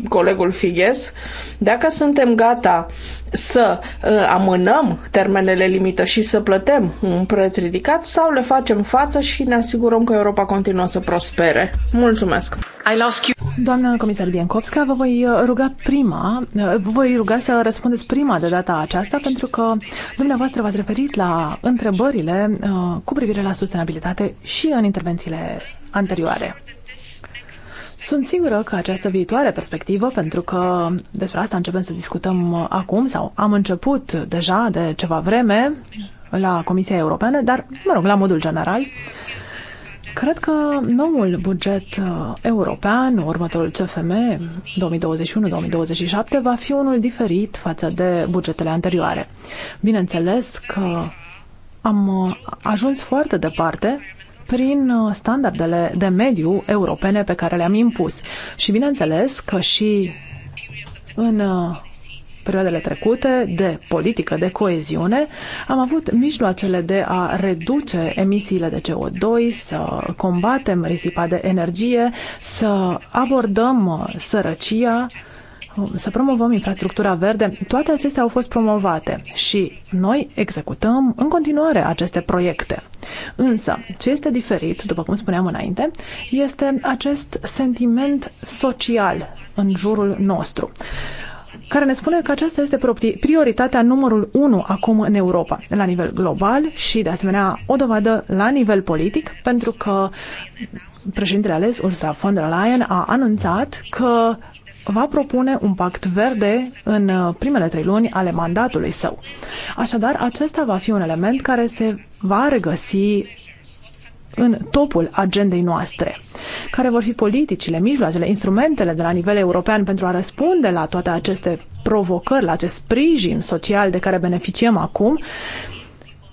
colegul Figes, dacă suntem gata să uh, amânăm termenele limită și să plătem un preț ridicat sau le facem față și ne asigurăm că Europa continuă să prospere. Mulțumesc! Doamna comisar Biancovska, vă voi uh, ruga prima, uh, vă voi ruga să răspundeți prima de data aceasta, pentru că dumneavoastră v-ați referit la întrebările cu privire la sustenabilitate și în intervențiile anterioare. Sunt sigură că această viitoare perspectivă, pentru că despre asta începem să discutăm uh, acum sau am început deja de ceva vreme la Comisia Europeană, dar, mă rog, la modul general, Cred că noul buget uh, european, următorul CFM 2021-2027, va fi unul diferit față de bugetele anterioare. Bineînțeles că am uh, ajuns foarte departe prin uh, standardele de mediu europene pe care le-am impus. Și bineînțeles că și în uh, perioadele trecute de politică de coeziune, am avut mijloacele de a reduce emisiile de CO2, să combatem risipa de energie, să abordăm uh, sărăcia, să promovăm infrastructura verde, toate acestea au fost promovate și noi executăm în continuare aceste proiecte. Însă, ce este diferit, după cum spuneam înainte, este acest sentiment social în jurul nostru care ne spune că aceasta este prioritatea numărul 1 acum în Europa, la nivel global și, de asemenea, o dovadă la nivel politic, pentru că președintele ales, Ursula von der Leyen, a anunțat că va propune un pact verde în uh, primele trei luni ale mandatului său. Așadar, acesta va fi un element care se va regăsi în topul agendei noastre. Care vor fi politicile, mijloacele, instrumentele de la nivel european pentru a răspunde la toate aceste provocări, la acest sprijin social de care beneficiem acum,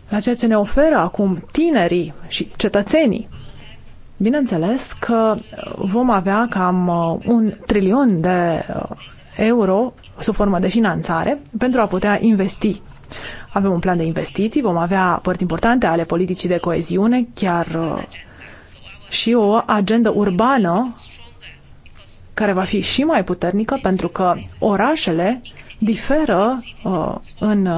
la ceea ce ne oferă acum tinerii și cetățenii. Bineînțeles că vom avea cam uh, un trilion de uh, euro sub formă de finanțare pentru a putea investi. Avem un plan de investiții, vom avea părți importante ale politicii de coeziune, chiar uh, și o agendă urbană care va fi și mai puternică pentru că orașele diferă uh, în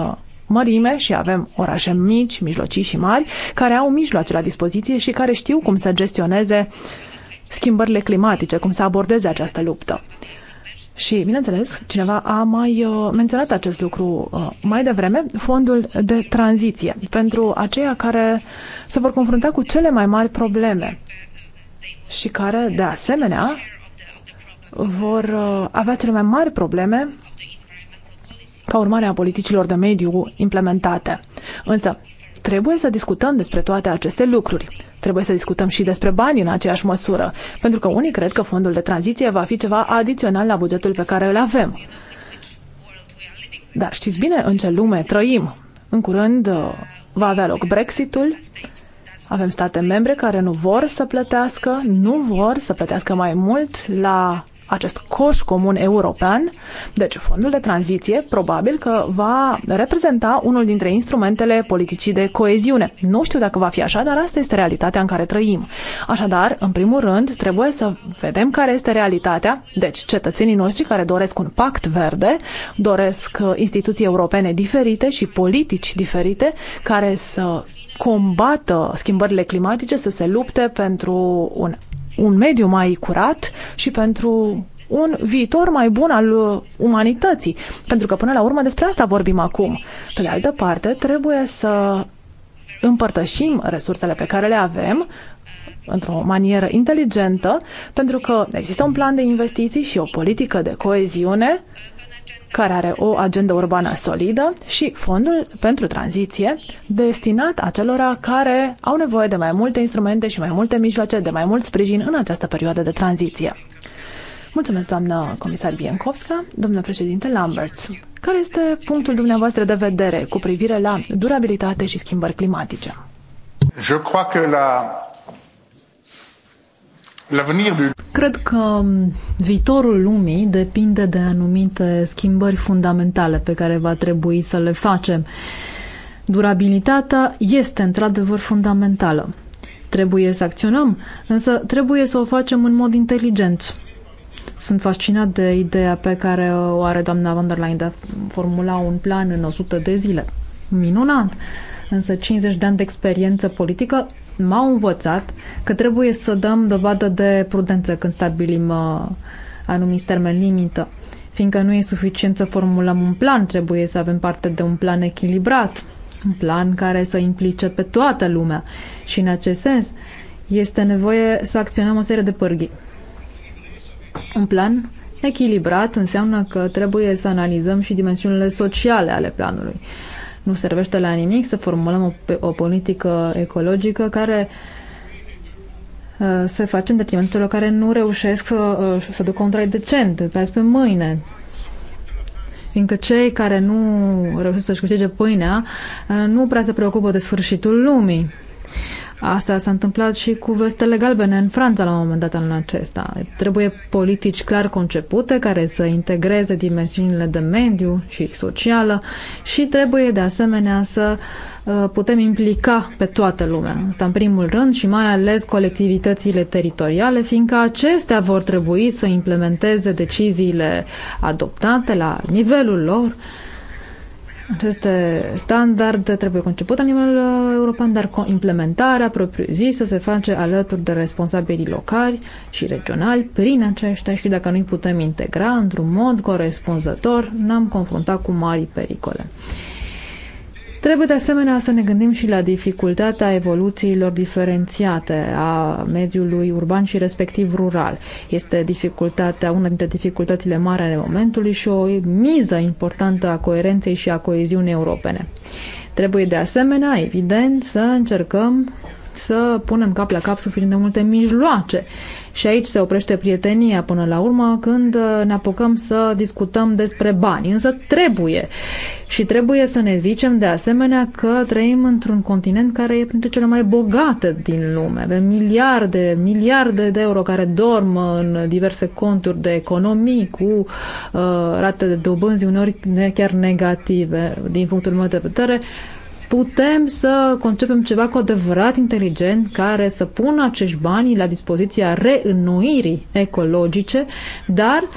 mărime și avem orașe mici, mijlocii și mari, care au mijloace la dispoziție și care știu cum să gestioneze schimbările climatice, cum să abordeze această luptă. Și, bineînțeles, cineva a mai uh, menționat acest lucru uh, mai devreme, fondul de tranziție, pentru aceia care se vor confrunta cu cele mai mari probleme și care, de asemenea, vor uh, avea cele mai mari probleme ca urmare a politicilor de mediu implementate. Însă, trebuie să discutăm despre toate aceste lucruri. Trebuie să discutăm și despre bani în aceeași măsură, pentru că unii cred că fondul de tranziție va fi ceva adițional la bugetul pe care îl avem. Dar știți bine în ce lume trăim. În curând uh, va avea loc Brexitul, avem state membre care nu vor să plătească, nu vor să plătească mai mult la acest coș comun european. Deci fondul de tranziție probabil că va reprezenta unul dintre instrumentele politicii de coeziune. Nu știu dacă va fi așa, dar asta este realitatea în care trăim. Așadar, în primul rând, trebuie să vedem care este realitatea. Deci, cetățenii noștri care doresc un pact verde, doresc uh, instituții europene diferite și politici diferite care să combată schimbările climatice, să se lupte pentru un un mediu mai curat și pentru un viitor mai bun al uh, umanității. Pentru că până la urmă despre asta vorbim acum. Pe de altă parte, trebuie să împărtășim resursele pe care le avem într-o manieră inteligentă, pentru că există un plan de investiții și o politică de coeziune care are o agendă urbană solidă și fondul pentru tranziție destinat acelora care au nevoie de mai multe instrumente și mai multe mijloace, de mai mult sprijin în această perioadă de tranziție. Mulțumesc, doamnă comisar Biencovska, domnule președinte Lamberts. Care este punctul dumneavoastră de vedere cu privire la durabilitate și schimbări climatice? Je crois que la Cred că viitorul lumii depinde de anumite schimbări fundamentale pe care va trebui să le facem. Durabilitatea este într-adevăr fundamentală. Trebuie să acționăm, însă trebuie să o facem în mod inteligent. Sunt fascinat de ideea pe care o are doamna von der Leyen de a formula un plan în 100 de zile. Minunat! Însă 50 de ani de experiență politică m-au învățat că trebuie să dăm dovadă de prudență când stabilim uh, anumiți termen limită. Fiindcă nu e suficient să formulăm un plan, trebuie să avem parte de un plan echilibrat, un plan care să implice pe toată lumea. Și în acest sens este nevoie să acționăm o serie de pârghii. Un plan echilibrat înseamnă că trebuie să analizăm și dimensiunile sociale ale planului nu servește la nimic să formulăm o, o politică ecologică care uh, se face în detrimentul celor care nu reușesc să, uh, să ducă un trai decent pe azi pe mâine. Fiindcă cei care nu reușesc să-și câștige pâinea uh, nu prea se preocupă de sfârșitul lumii. Asta s-a întâmplat și cu vestele galbene în Franța la un moment dat anul acesta. Trebuie politici clar concepute care să integreze dimensiunile de mediu și socială și trebuie de asemenea să uh, putem implica pe toată lumea. Asta în primul rând și mai ales colectivitățile teritoriale, fiindcă acestea vor trebui să implementeze deciziile adoptate la nivelul lor aceste standarde trebuie conceput la nivel uh, european, dar implementarea propriu-zisă se face alături de responsabilii locali și regionali prin aceștia și dacă nu-i putem integra într-un mod corespunzător, n am confruntat cu mari pericole. Trebuie de asemenea să ne gândim și la dificultatea evoluțiilor diferențiate a mediului urban și respectiv rural. Este dificultatea, una dintre dificultățile mari ale momentului și o miză importantă a coerenței și a coeziunii europene. Trebuie de asemenea, evident, să încercăm să punem cap la cap suficient de multe mijloace și aici se oprește prietenia până la urmă când uh, ne apucăm să discutăm despre bani. Însă trebuie și trebuie să ne zicem de asemenea că trăim într-un continent care e printre cele mai bogate din lume. Avem miliarde, miliarde de euro care dorm în diverse conturi de economii cu uh, rate de dobânzi uneori chiar negative din punctul meu de vedere putem să concepem ceva cu adevărat inteligent care să pună acești bani la dispoziția reînnoirii ecologice, dar uh,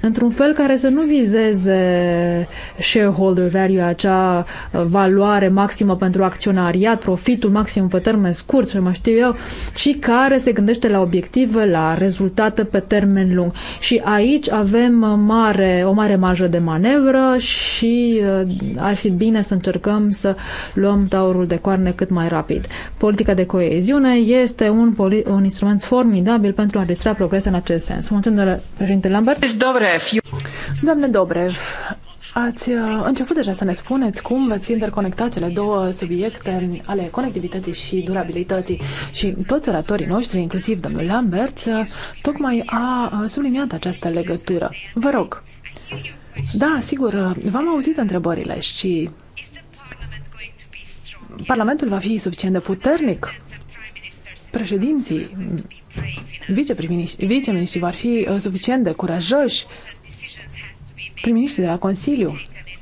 într-un fel care să nu vizeze shareholder value, acea uh, valoare maximă pentru acționariat, profitul maxim pe termen scurt, ce mai știu eu, ci care se gândește la obiective, la rezultate pe termen lung. Și aici avem uh, mare, o mare marjă de manevră și uh, ar fi bine să încercăm să luăm taurul de coarne cât mai rapid. Politica de coeziune este un, un instrument formidabil pentru a înregistra progrese în acest sens. Mulțumesc, președinte Lambert. Dobre Dobrev. Doamne Dobrev, ați uh, început deja să ne spuneți cum veți interconecta cele două subiecte ale conectivității și durabilității și toți oratorii noștri, inclusiv domnul Lambert, uh, tocmai a uh, subliniat această legătură. Vă rog. Da, sigur, v-am auzit întrebările și Parlamentul va fi suficient de puternic președinții viceministrii vor fi uh, suficient de curajoși. Prim-ministrii de la Consiliu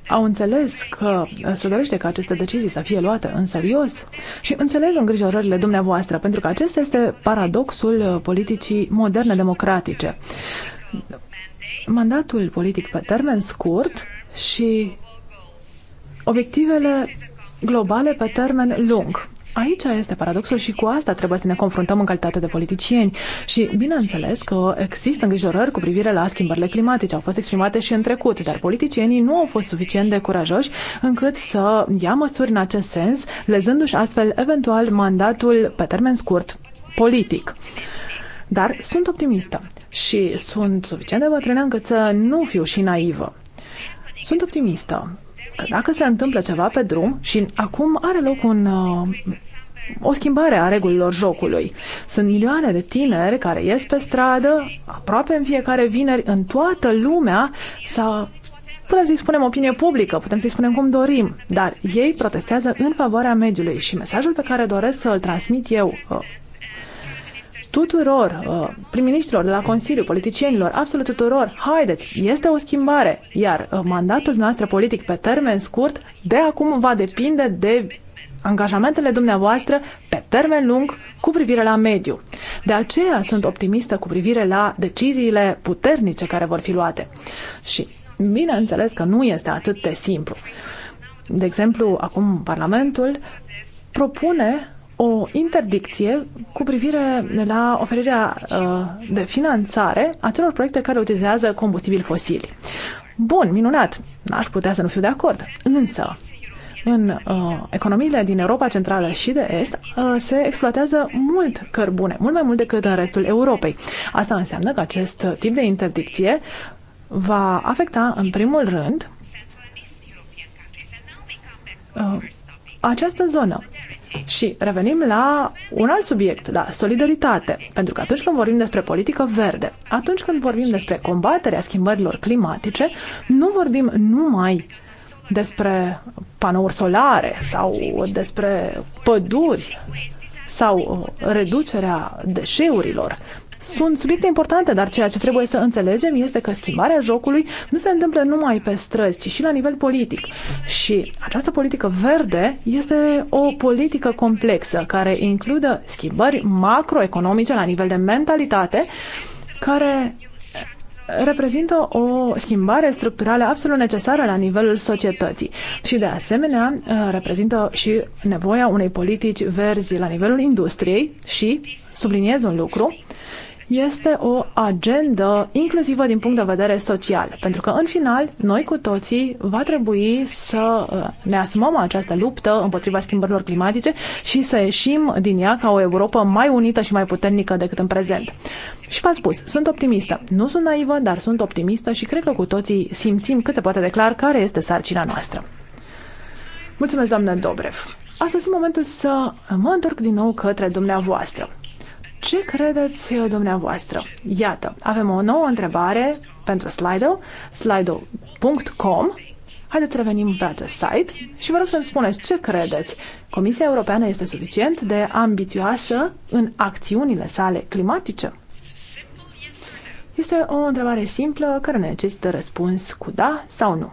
au înțeles că uh, se dorește ca aceste decizii să fie luate în serios și înțeleg îngrijorările dumneavoastră, pentru că acesta este paradoxul uh, politicii moderne democratice. Mandatul politic pe termen scurt și obiectivele globale pe termen lung. Aici este paradoxul și cu asta trebuie să ne confruntăm în calitate de politicieni. Și bineînțeles că există îngrijorări cu privire la schimbările climatice, au fost exprimate și în trecut, dar politicienii nu au fost suficient de curajoși încât să ia măsuri în acest sens, lezându-și astfel eventual mandatul pe termen scurt politic. Dar sunt optimistă și sunt suficient de bătrână încât să nu fiu și naivă. Sunt optimistă dacă se întâmplă ceva pe drum și acum are loc un uh, o schimbare a regulilor jocului. Sunt milioane de tineri care ies pe stradă aproape în fiecare vineri în toată lumea să putem să-i spunem opinie publică, putem să-i spunem cum dorim, dar ei protestează în favoarea mediului și mesajul pe care doresc să-l transmit eu uh, tuturor uh, prim-ministrilor de la Consiliu, politicienilor, absolut tuturor, haideți, este o schimbare, iar uh, mandatul noastră politic pe termen scurt de acum va depinde de angajamentele dumneavoastră pe termen lung cu privire la mediu. De aceea sunt optimistă cu privire la deciziile puternice care vor fi luate. Și bineînțeles că nu este atât de simplu. De exemplu, acum Parlamentul propune o interdicție cu privire la oferirea uh, de finanțare a celor proiecte care utilizează combustibili fosili. Bun, minunat, n-aș putea să nu fiu de acord, însă în uh, economiile din Europa Centrală și de Est uh, se exploatează mult cărbune, mult mai mult decât în restul Europei. Asta înseamnă că acest tip de interdicție va afecta în primul rând uh, această zonă. Și revenim la un alt subiect, la da, solidaritate. Pentru că atunci când vorbim despre politică verde, atunci când vorbim despre combaterea schimbărilor climatice, nu vorbim numai despre panouri solare sau despre păduri sau reducerea deșeurilor sunt subiecte importante, dar ceea ce trebuie să înțelegem este că schimbarea jocului nu se întâmplă numai pe străzi, ci și la nivel politic. Și această politică verde este o politică complexă care includă schimbări macroeconomice la nivel de mentalitate care reprezintă o schimbare structurală absolut necesară la nivelul societății și, de asemenea, uh, reprezintă și nevoia unei politici verzi la nivelul industriei și, subliniez un lucru, este o agendă inclusivă din punct de vedere social, pentru că în final noi cu toții va trebui să uh, ne asumăm această luptă împotriva schimbărilor climatice și să ieșim din ea ca o Europa mai unită și mai puternică decât în prezent. Și v-am spus, sunt optimistă. Nu sunt naivă, dar sunt optimistă și cred că cu toții simțim cât se poate de clar care este sarcina noastră. Mulțumesc, doamnă Dobrev. Astăzi e momentul să mă întorc din nou către dumneavoastră. Ce credeți uh, dumneavoastră? Iată, avem o nouă întrebare pentru Slido, slido.com. Haideți să revenim pe acest site și vă rog să-mi spuneți ce credeți. Comisia Europeană este suficient de ambițioasă în acțiunile sale climatice? Este o întrebare simplă care necesită răspuns cu da sau nu.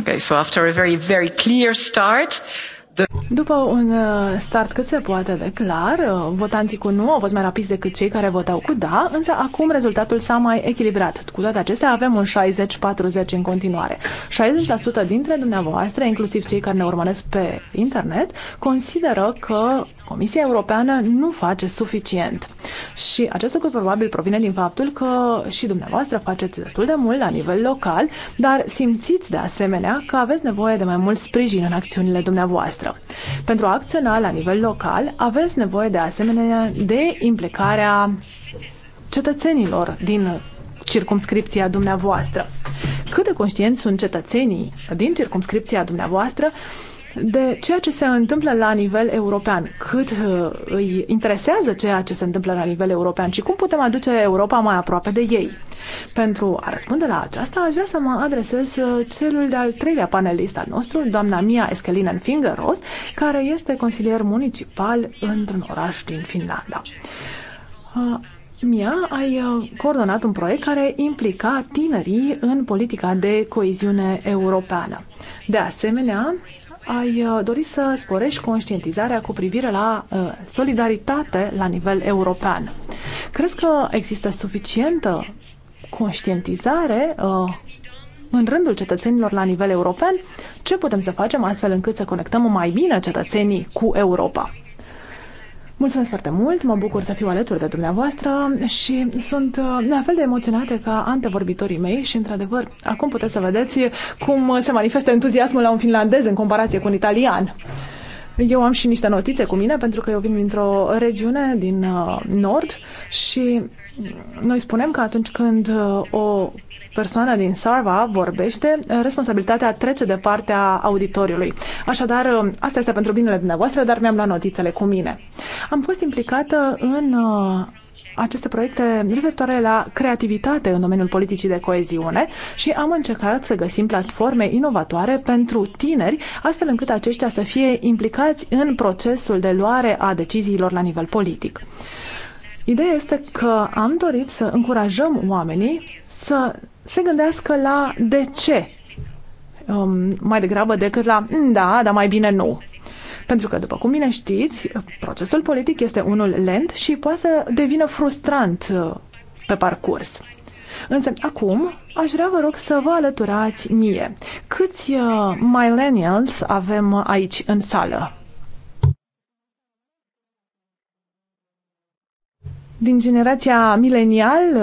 okay so after a very very clear start după un uh, start cât se poate de clar, uh, votanții cu nu au fost mai rapizi decât cei care votau cu da, însă acum rezultatul s-a mai echilibrat. Cu toate acestea avem un 60-40 în continuare. 60% dintre dumneavoastră, inclusiv cei care ne urmăresc pe internet, consideră că Comisia Europeană nu face suficient. Și acest lucru probabil provine din faptul că și dumneavoastră faceți destul de mult la nivel local, dar simțiți de asemenea că aveți nevoie de mai mult sprijin în acțiunile dumneavoastră noastră. Pentru a acționa la nivel local, aveți nevoie de asemenea de implicarea cetățenilor din circumscripția dumneavoastră. Cât de conștienți sunt cetățenii din circumscripția dumneavoastră de ceea ce se întâmplă la nivel european, cât uh, îi interesează ceea ce se întâmplă la nivel european și cum putem aduce Europa mai aproape de ei. Pentru a răspunde la aceasta, aș vrea să mă adresez uh, celul de-al treilea panelist al nostru, doamna Mia Eskelinen Fingeros, care este consilier municipal într-un oraș din Finlanda. Uh, Mia, ai coordonat un proiect care implica tinerii în politica de coeziune europeană. De asemenea, ai uh, dori să sporești conștientizarea cu privire la uh, solidaritate la nivel european. Crezi că există suficientă conștientizare uh, în rândul cetățenilor la nivel european? Ce putem să facem astfel încât să conectăm mai bine cetățenii cu Europa? Mulțumesc foarte mult, mă bucur să fiu alături de dumneavoastră și sunt uh, la fel de emoționată ca antevorbitorii mei și, într-adevăr, acum puteți să vedeți cum se manifestă entuziasmul la un finlandez în comparație cu un italian. Eu am și niște notițe cu mine pentru că eu vin dintr-o regiune din uh, nord și noi spunem că atunci când uh, o persoană din Sarva vorbește, responsabilitatea trece de partea auditoriului. Așadar, uh, asta este pentru binele dumneavoastră, dar mi-am luat notițele cu mine. Am fost implicată în uh, aceste proiecte referitoare la creativitate în domeniul politicii de coeziune și am încercat să găsim platforme inovatoare pentru tineri, astfel încât aceștia să fie implicați în procesul de luare a deciziilor la nivel politic. Ideea este că am dorit să încurajăm oamenii să se gândească la de ce um, mai degrabă decât la mm, da, dar mai bine nu. Pentru că, după cum bine știți, procesul politic este unul lent și poate să devină frustrant uh, pe parcurs. Însă acum aș vrea, vă rog, să vă alăturați mie. Câți uh, millennials avem aici în sală? Din generația milenial?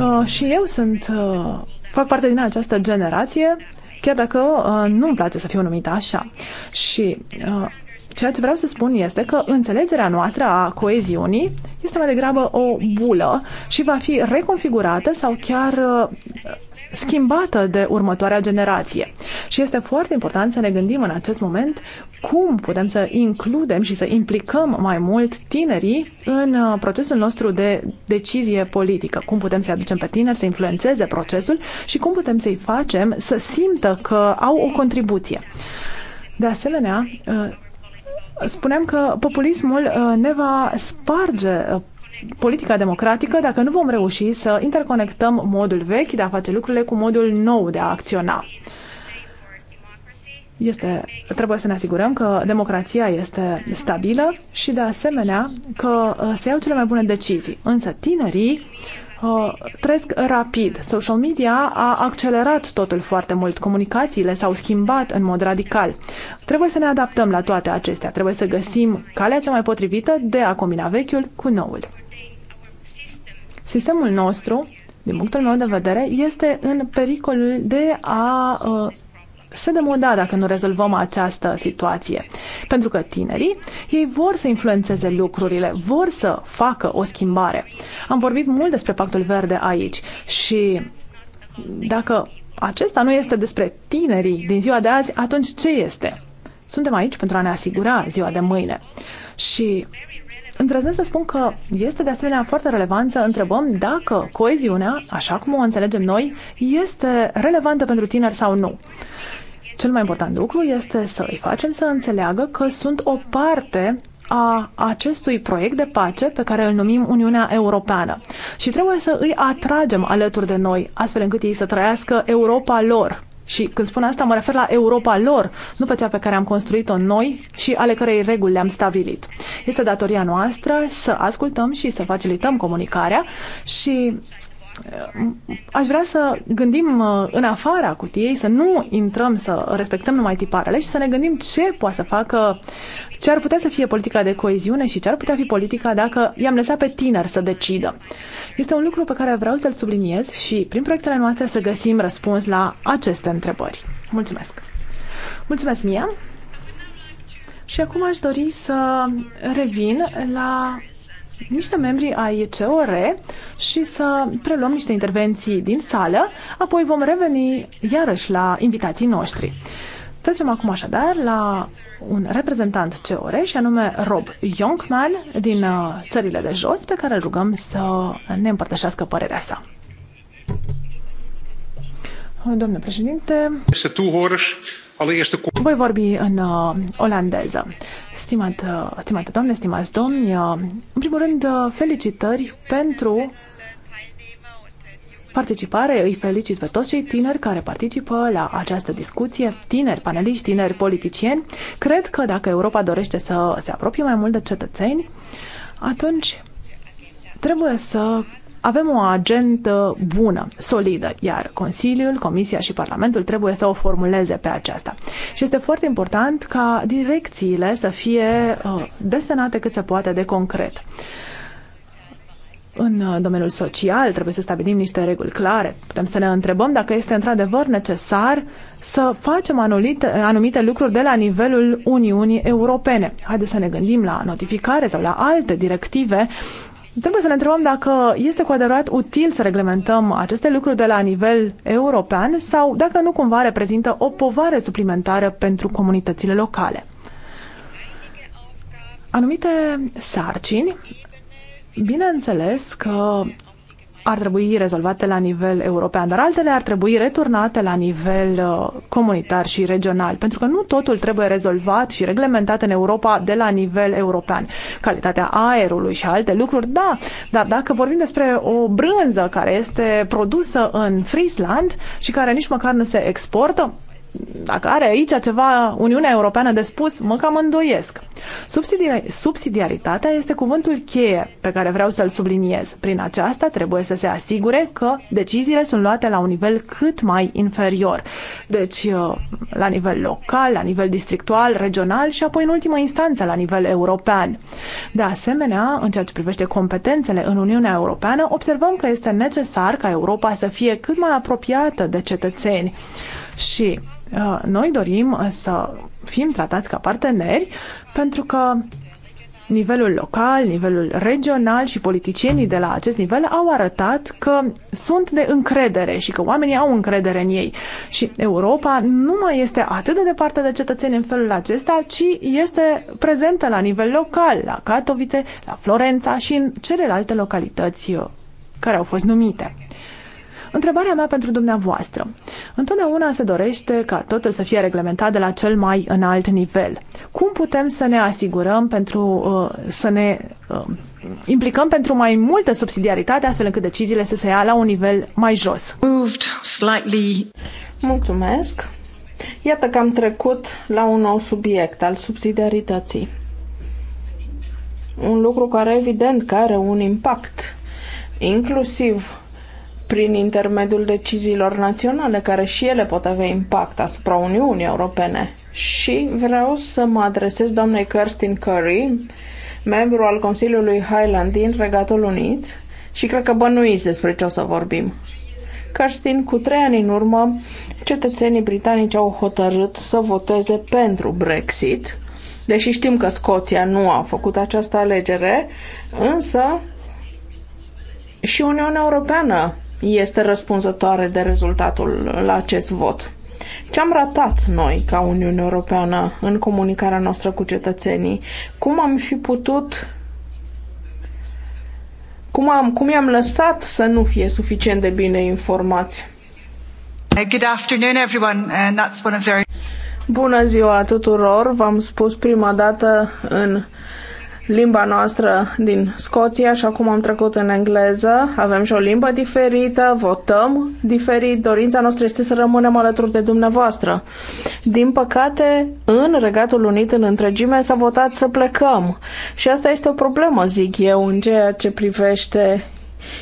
Uh, și eu sunt uh, Fac parte din această generație, chiar dacă uh, nu-mi place să fiu numită așa. Și uh, ceea ce vreau să spun este că înțelegerea noastră a coeziunii este mai degrabă o bulă și va fi reconfigurată sau chiar uh, schimbată de următoarea generație. Și este foarte important să ne gândim în acest moment cum putem să includem și să implicăm mai mult tinerii în uh, procesul nostru de decizie politică. Cum putem să-i aducem pe tineri să influențeze procesul și cum putem să-i facem să simtă că au o contribuție. De asemenea, uh, spuneam că populismul uh, ne va sparge politica democratică dacă nu vom reuși să interconectăm modul vechi de a face lucrurile cu modul nou de a acționa. Este, trebuie să ne asigurăm că democrația este stabilă și de asemenea că uh, se iau cele mai bune decizii. Însă tinerii uh, trăiesc rapid. Social media a accelerat totul foarte mult. Comunicațiile s-au schimbat în mod radical. Trebuie să ne adaptăm la toate acestea. Trebuie să găsim calea cea mai potrivită de a combina vechiul cu noul. Sistemul nostru, din punctul meu de vedere, este în pericolul de a uh, se demoda dacă nu rezolvăm această situație. Pentru că tinerii, ei vor să influențeze lucrurile, vor să facă o schimbare. Am vorbit mult despre Pactul Verde aici și dacă acesta nu este despre tinerii din ziua de azi, atunci ce este? Suntem aici pentru a ne asigura ziua de mâine. Și Îndrăznesc să spun că este de asemenea foarte relevant să întrebăm dacă coeziunea, așa cum o înțelegem noi, este relevantă pentru tineri sau nu. Cel mai important lucru este să îi facem să înțeleagă că sunt o parte a acestui proiect de pace pe care îl numim Uniunea Europeană. Și trebuie să îi atragem alături de noi, astfel încât ei să trăiască Europa lor, și când spun asta, mă refer la Europa lor, nu pe cea pe care am construit-o noi și ale cărei reguli le-am stabilit. Este datoria noastră să ascultăm și să facilităm comunicarea și aș vrea să gândim uh, în afara cutiei, să nu intrăm să respectăm numai tiparele și să ne gândim ce poate să facă, ce ar putea să fie politica de coeziune și ce ar putea fi politica dacă i-am lăsat pe tineri să decidă. Este un lucru pe care vreau să-l subliniez și prin proiectele noastre să găsim răspuns la aceste întrebări. Mulțumesc! Mulțumesc, Mia! Și acum aș dori să revin la niște membri ai COR și să preluăm niște intervenții din sală, apoi vom reveni iarăși la invitații noștri. Trecem acum așadar la un reprezentant COR și anume Rob Youngman din uh, țările de jos pe care rugăm să ne împărtășească părerea sa. Domnule președinte, voi vorbi în uh, olandeză. Stimat, uh, stimate doamne, stimați domni, uh, în primul rând uh, felicitări pentru participare. Îi felicit pe toți cei tineri care participă la această discuție, tineri paneliști, tineri politicieni. Cred că dacă Europa dorește să se apropie mai mult de cetățeni, atunci trebuie să avem o agendă bună, solidă, iar Consiliul, Comisia și Parlamentul trebuie să o formuleze pe aceasta. Și este foarte important ca direcțiile să fie uh, desenate cât se poate de concret. În uh, domeniul social trebuie să stabilim niște reguli clare. Putem să ne întrebăm dacă este într-adevăr necesar să facem anumite, anumite lucruri de la nivelul Uniunii Europene. Haideți să ne gândim la notificare sau la alte directive Trebuie să ne întrebăm dacă este cu adevărat util să reglementăm aceste lucruri de la nivel european sau dacă nu cumva reprezintă o povară suplimentară pentru comunitățile locale. Anumite sarcini, bineînțeles că ar trebui rezolvate la nivel european, dar altele ar trebui returnate la nivel uh, comunitar și regional, pentru că nu totul trebuie rezolvat și reglementat în Europa de la nivel european. Calitatea aerului și alte lucruri, da, dar dacă vorbim despre o brânză care este produsă în Friesland și care nici măcar nu se exportă, dacă are aici ceva Uniunea Europeană de spus, mă cam îndoiesc. Subsidiar subsidiaritatea este cuvântul cheie pe care vreau să-l subliniez. Prin aceasta trebuie să se asigure că deciziile sunt luate la un nivel cât mai inferior. Deci, uh, la nivel local, la nivel districtual, regional și apoi, în ultimă instanță, la nivel european. De asemenea, în ceea ce privește competențele în Uniunea Europeană, observăm că este necesar ca Europa să fie cât mai apropiată de cetățeni. Și Uh, noi dorim uh, să fim tratați ca parteneri pentru că nivelul local, nivelul regional și politicienii de la acest nivel au arătat că sunt de încredere și că oamenii au încredere în ei. Și Europa nu mai este atât de departe de cetățeni în felul acesta, ci este prezentă la nivel local, la Katowice, la Florența și în celelalte localități uh, care au fost numite. Întrebarea mea pentru dumneavoastră. Întotdeauna se dorește ca totul să fie reglementat de la cel mai înalt nivel. Cum putem să ne asigurăm pentru uh, să ne uh, implicăm pentru mai multă subsidiaritate astfel încât deciziile să se ia la un nivel mai jos? Mulțumesc. Iată că am trecut la un nou subiect al subsidiarității. Un lucru care evident că are un impact, inclusiv prin intermediul deciziilor naționale, care și ele pot avea impact asupra Uniunii Europene. Și vreau să mă adresez doamnei Kirsten Curry, membru al Consiliului Highland din Regatul Unit, și cred că bănuiți despre ce o să vorbim. Kirsten, cu trei ani în urmă, cetățenii britanici au hotărât să voteze pentru Brexit, deși știm că Scoția nu a făcut această alegere, însă și Uniunea Europeană este răspunzătoare de rezultatul la acest vot. Ce am ratat noi ca Uniune Europeană în comunicarea noastră cu cetățenii? Cum am fi putut cum, am, cum i-am lăsat să nu fie suficient de bine informați? Uh, good afternoon everyone and that's one of very... Bună ziua tuturor, v-am spus prima dată în limba noastră din Scoția și acum am trecut în engleză, avem și o limbă diferită, votăm diferit, dorința noastră este să rămânem alături de dumneavoastră. Din păcate, în Regatul Unit, în întregime, s-a votat să plecăm și asta este o problemă, zic eu, în ceea ce privește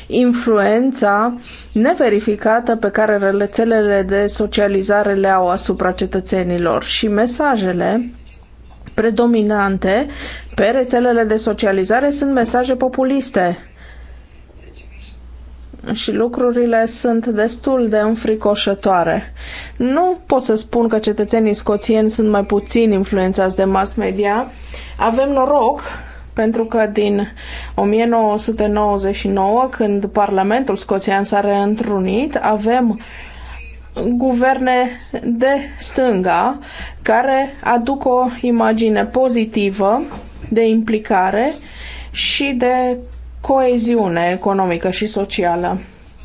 influența neverificată pe care rețelele de socializare le au asupra cetățenilor și mesajele predominante pe rețelele de socializare sunt mesaje populiste. Și lucrurile sunt destul de înfricoșătoare. Nu pot să spun că cetățenii scoțieni sunt mai puțin influențați de mass media. Avem noroc pentru că din 1999, când Parlamentul Scoțian s-a reîntrunit, avem guverne de stânga care aduc o imagine pozitivă de implicare și de coeziune economică și socială.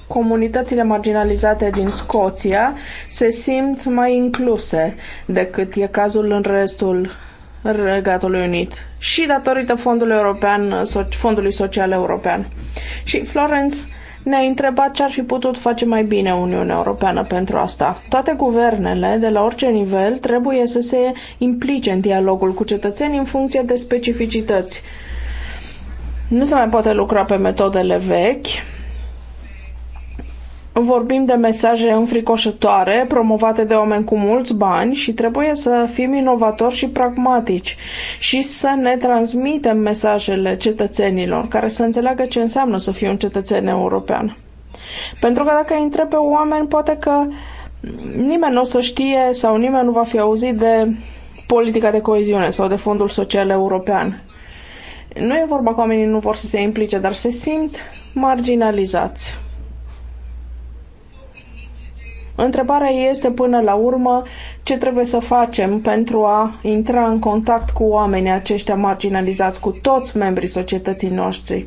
Comunitățile marginalizate din Scoția se simt mai incluse decât e cazul în restul Regatului Unit și datorită Fondului European, Fondului Social European. Și Florence ne a întrebat ce ar fi putut face mai bine Uniunea Europeană pentru asta. Toate guvernele, de la orice nivel, trebuie să se implice în dialogul cu cetățenii în funcție de specificități. Nu se mai poate lucra pe metodele vechi, Vorbim de mesaje înfricoșătoare, promovate de oameni cu mulți bani și trebuie să fim inovatori și pragmatici și să ne transmitem mesajele cetățenilor care să înțeleagă ce înseamnă să fii un cetățen european. Pentru că dacă intre pe oameni, poate că nimeni nu o să știe sau nimeni nu va fi auzit de politica de coeziune sau de fondul social european. Nu e vorba că oamenii nu vor să se implice, dar se simt marginalizați. Întrebarea este până la urmă ce trebuie să facem pentru a intra în contact cu oamenii aceștia marginalizați, cu toți membrii societății noștri.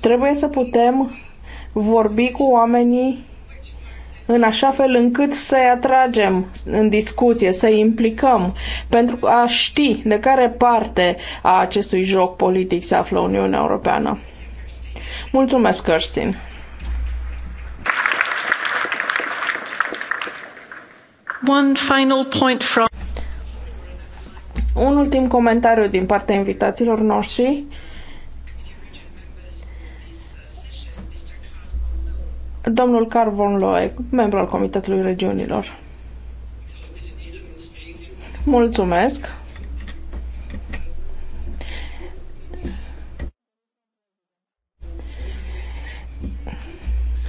Trebuie să putem vorbi cu oamenii în așa fel încât să-i atragem în discuție, să-i implicăm, pentru a ști de care parte a acestui joc politic se află Uniunea Europeană. Mulțumesc, Kirsten! One final point from... Un ultim comentariu din partea invitaților noștri. Domnul Carvon Loe, membru al Comitetului Regiunilor. Mulțumesc!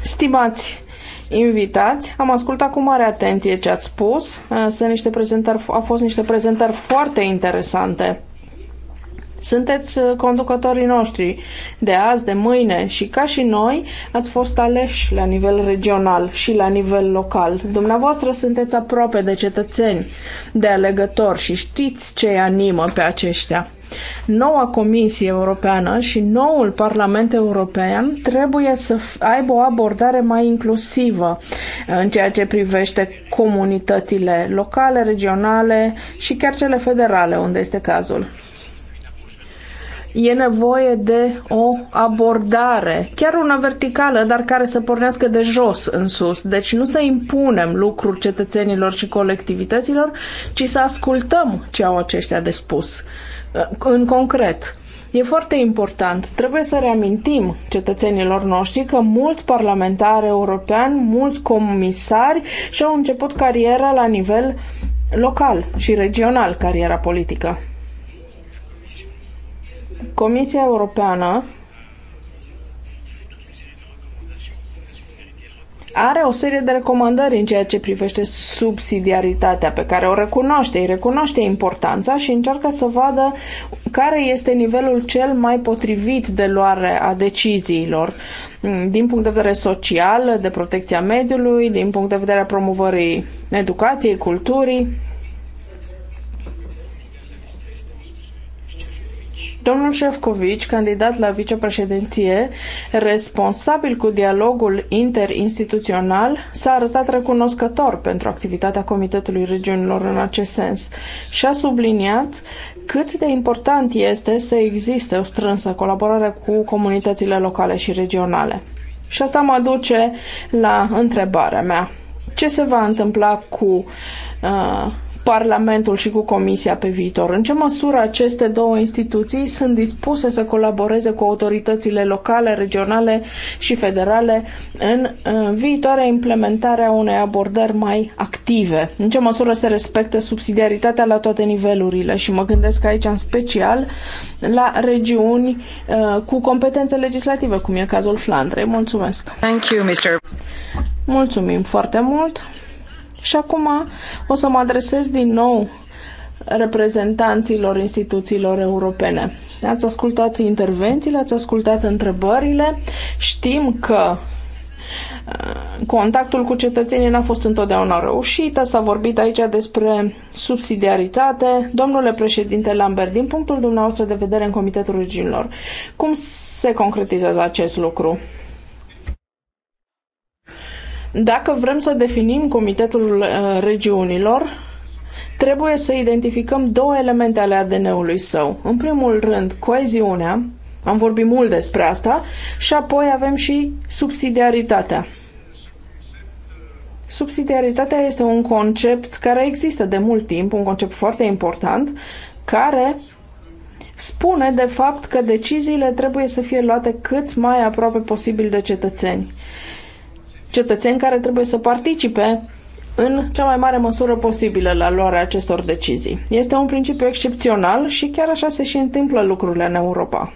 Stimați invitați. Am ascultat cu mare atenție ce ați spus. Eh, sunt niște prezentări, a fost niște prezentări foarte interesante. Sunteți eh, conducătorii noștri de azi, de mâine și ca și noi ați fost aleși la nivel regional și la nivel local. Dumneavoastră sunteți aproape de cetățeni, de alegători și știți ce animă pe aceștia. Noua Comisie Europeană și noul Parlament European trebuie să aibă o abordare mai inclusivă uh, în ceea ce privește comunitățile locale, regionale și chiar cele federale, unde este cazul e nevoie de o abordare, chiar una verticală, dar care să pornească de jos în sus. Deci nu să impunem lucruri cetățenilor și colectivităților, ci să ascultăm ce au aceștia de spus în concret. E foarte important. Trebuie să reamintim cetățenilor noștri că mulți parlamentari europeni, mulți comisari și-au început cariera la nivel local și regional, cariera politică. Comisia Europeană are o serie de recomandări în ceea ce privește subsidiaritatea pe care o recunoaște, îi recunoaște importanța și încearcă să vadă care este nivelul cel mai potrivit de luare a deciziilor mm, din punct de vedere social, de protecția mediului, din punct de vedere a promovării educației, culturii Domnul Șefcovici, candidat la vicepreședinție, responsabil cu dialogul interinstituțional, s-a arătat recunoscător pentru activitatea Comitetului Regiunilor în acest sens și a subliniat cât de important este să existe o strânsă colaborare cu comunitățile locale și regionale. Și asta mă duce la întrebarea mea. Ce se va întâmpla cu uh, Parlamentul și cu Comisia pe viitor? În ce măsură aceste două instituții sunt dispuse să colaboreze cu autoritățile locale, regionale și federale în viitoarea implementare a unei abordări mai active? În ce măsură se respectă subsidiaritatea la toate nivelurile? Și mă gândesc aici în special la regiuni uh, cu competențe legislative, cum e cazul Flandrei. Mulțumesc! Thank you, Mr. Mulțumim foarte mult! Și acum o să mă adresez din nou reprezentanților instituțiilor europene. Ați ascultat intervențiile, ați ascultat întrebările. Știm că uh, contactul cu cetățenii n-a fost întotdeauna reușit. S-a vorbit aici despre subsidiaritate. Domnule președinte Lambert, din punctul dumneavoastră de vedere în Comitetul Regiunilor, cum se concretizează acest lucru? Dacă vrem să definim Comitetul uh, Regiunilor, trebuie să identificăm două elemente ale ADN-ului său. În primul rând, coeziunea, am vorbit mult despre asta, și apoi avem și subsidiaritatea. Subsidiaritatea este un concept care există de mult timp, un concept foarte important, care spune de fapt că deciziile trebuie să fie luate cât mai aproape posibil de cetățeni cetățeni care trebuie să participe în cea mai mare măsură posibilă la luarea acestor decizii. Este un principiu excepțional și chiar așa se și întâmplă lucrurile în Europa.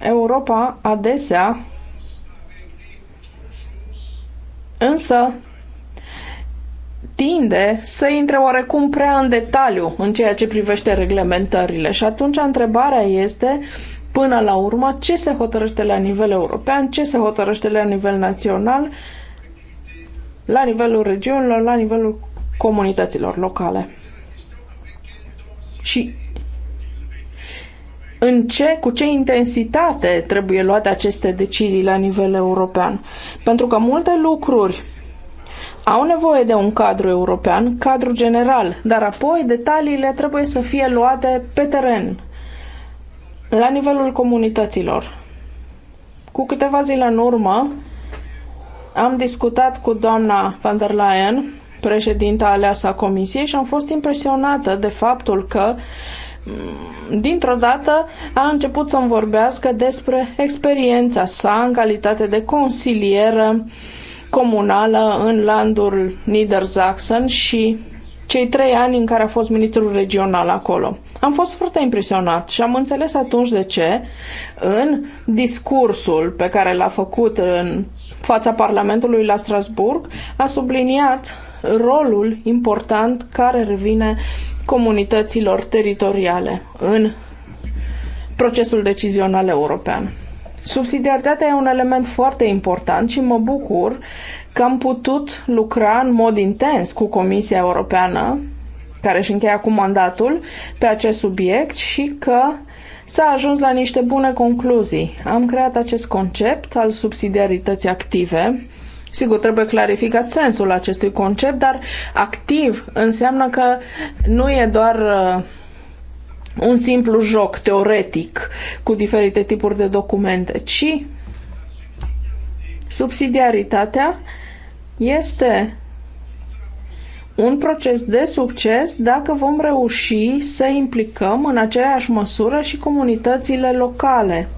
Europa adesea însă tinde să intre oarecum prea în detaliu în ceea ce privește reglementările și atunci întrebarea este până la urmă ce se hotărăște la nivel european, ce se hotărăște la nivel național, la nivelul regiunilor, la nivelul comunităților locale. Și în ce, cu ce intensitate trebuie luate aceste decizii la nivel european. Pentru că multe lucruri au nevoie de un cadru european, cadru general, dar apoi detaliile trebuie să fie luate pe teren, la nivelul comunităților. Cu câteva zile în urmă am discutat cu doamna van der Leyen, președinta aleasă a Comisiei, și am fost impresionată de faptul că mm, dintr-o dată a început să-mi vorbească despre experiența sa în calitate de consilieră comunală în landul Niedersachsen și cei trei ani în care a fost ministrul regional acolo. Am fost foarte impresionat și am înțeles atunci de ce în discursul pe care l-a făcut în fața Parlamentului la Strasburg a subliniat rolul important care revine comunităților teritoriale în procesul decizional european. Subsidiaritatea e un element foarte important și mă bucur că am putut lucra în mod intens cu Comisia Europeană care își încheie acum mandatul pe acest subiect și că s-a ajuns la niște bune concluzii. Am creat acest concept al subsidiarității active. Sigur, trebuie clarificat sensul acestui concept, dar activ înseamnă că nu e doar uh, un simplu joc teoretic cu diferite tipuri de documente, ci subsidiaritatea este un proces de succes dacă vom reuși să implicăm în aceeași măsură și comunitățile locale,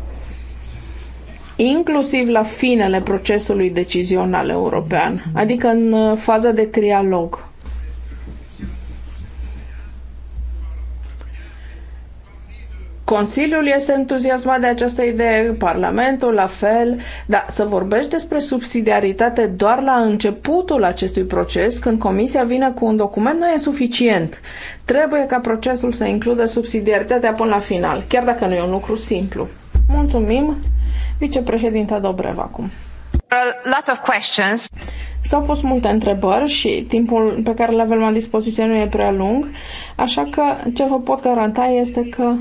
inclusiv la finele procesului decizional european, adică în uh, faza de trialog. Consiliul este entuziasmat de această idee, Parlamentul la fel, dar să vorbești despre subsidiaritate doar la începutul acestui proces, când Comisia vine cu un document, nu e suficient. Trebuie ca procesul să includă subsidiaritatea până la final, chiar dacă nu e un lucru simplu. Mulțumim, vicepreședinta Dobrev acum. S-au pus multe întrebări și timpul pe care le avem la dispoziție nu e prea lung, așa că ce vă pot garanta este că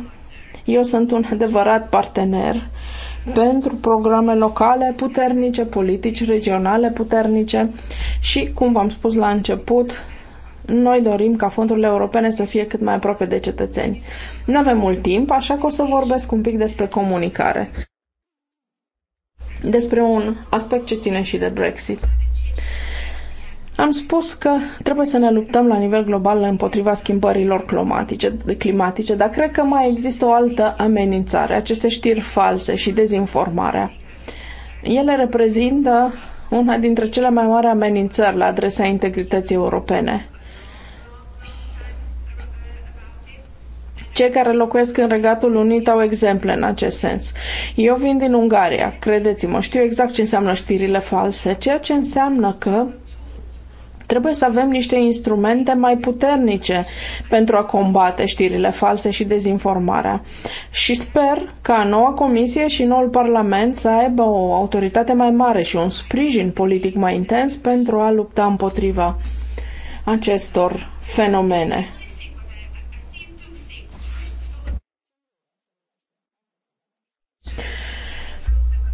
eu sunt un adevărat partener pentru programe locale puternice, politici regionale puternice și, cum v-am spus la început, noi dorim ca fondurile europene să fie cât mai aproape de cetățeni. Nu avem mult timp, așa că o să vorbesc un pic despre comunicare. Despre un aspect ce ține și de Brexit. Am spus că trebuie să ne luptăm la nivel global împotriva schimbărilor climatice, climatice, dar cred că mai există o altă amenințare, aceste știri false și dezinformarea. Ele reprezintă una dintre cele mai mari amenințări la adresa integrității europene. Cei care locuiesc în Regatul Unit au exemple în acest sens. Eu vin din Ungaria, credeți-mă, știu exact ce înseamnă știrile false, ceea ce înseamnă că Trebuie să avem niște instrumente mai puternice pentru a combate știrile false și dezinformarea. Și sper ca noua comisie și noul parlament să aibă o autoritate mai mare și un sprijin politic mai intens pentru a lupta împotriva acestor fenomene.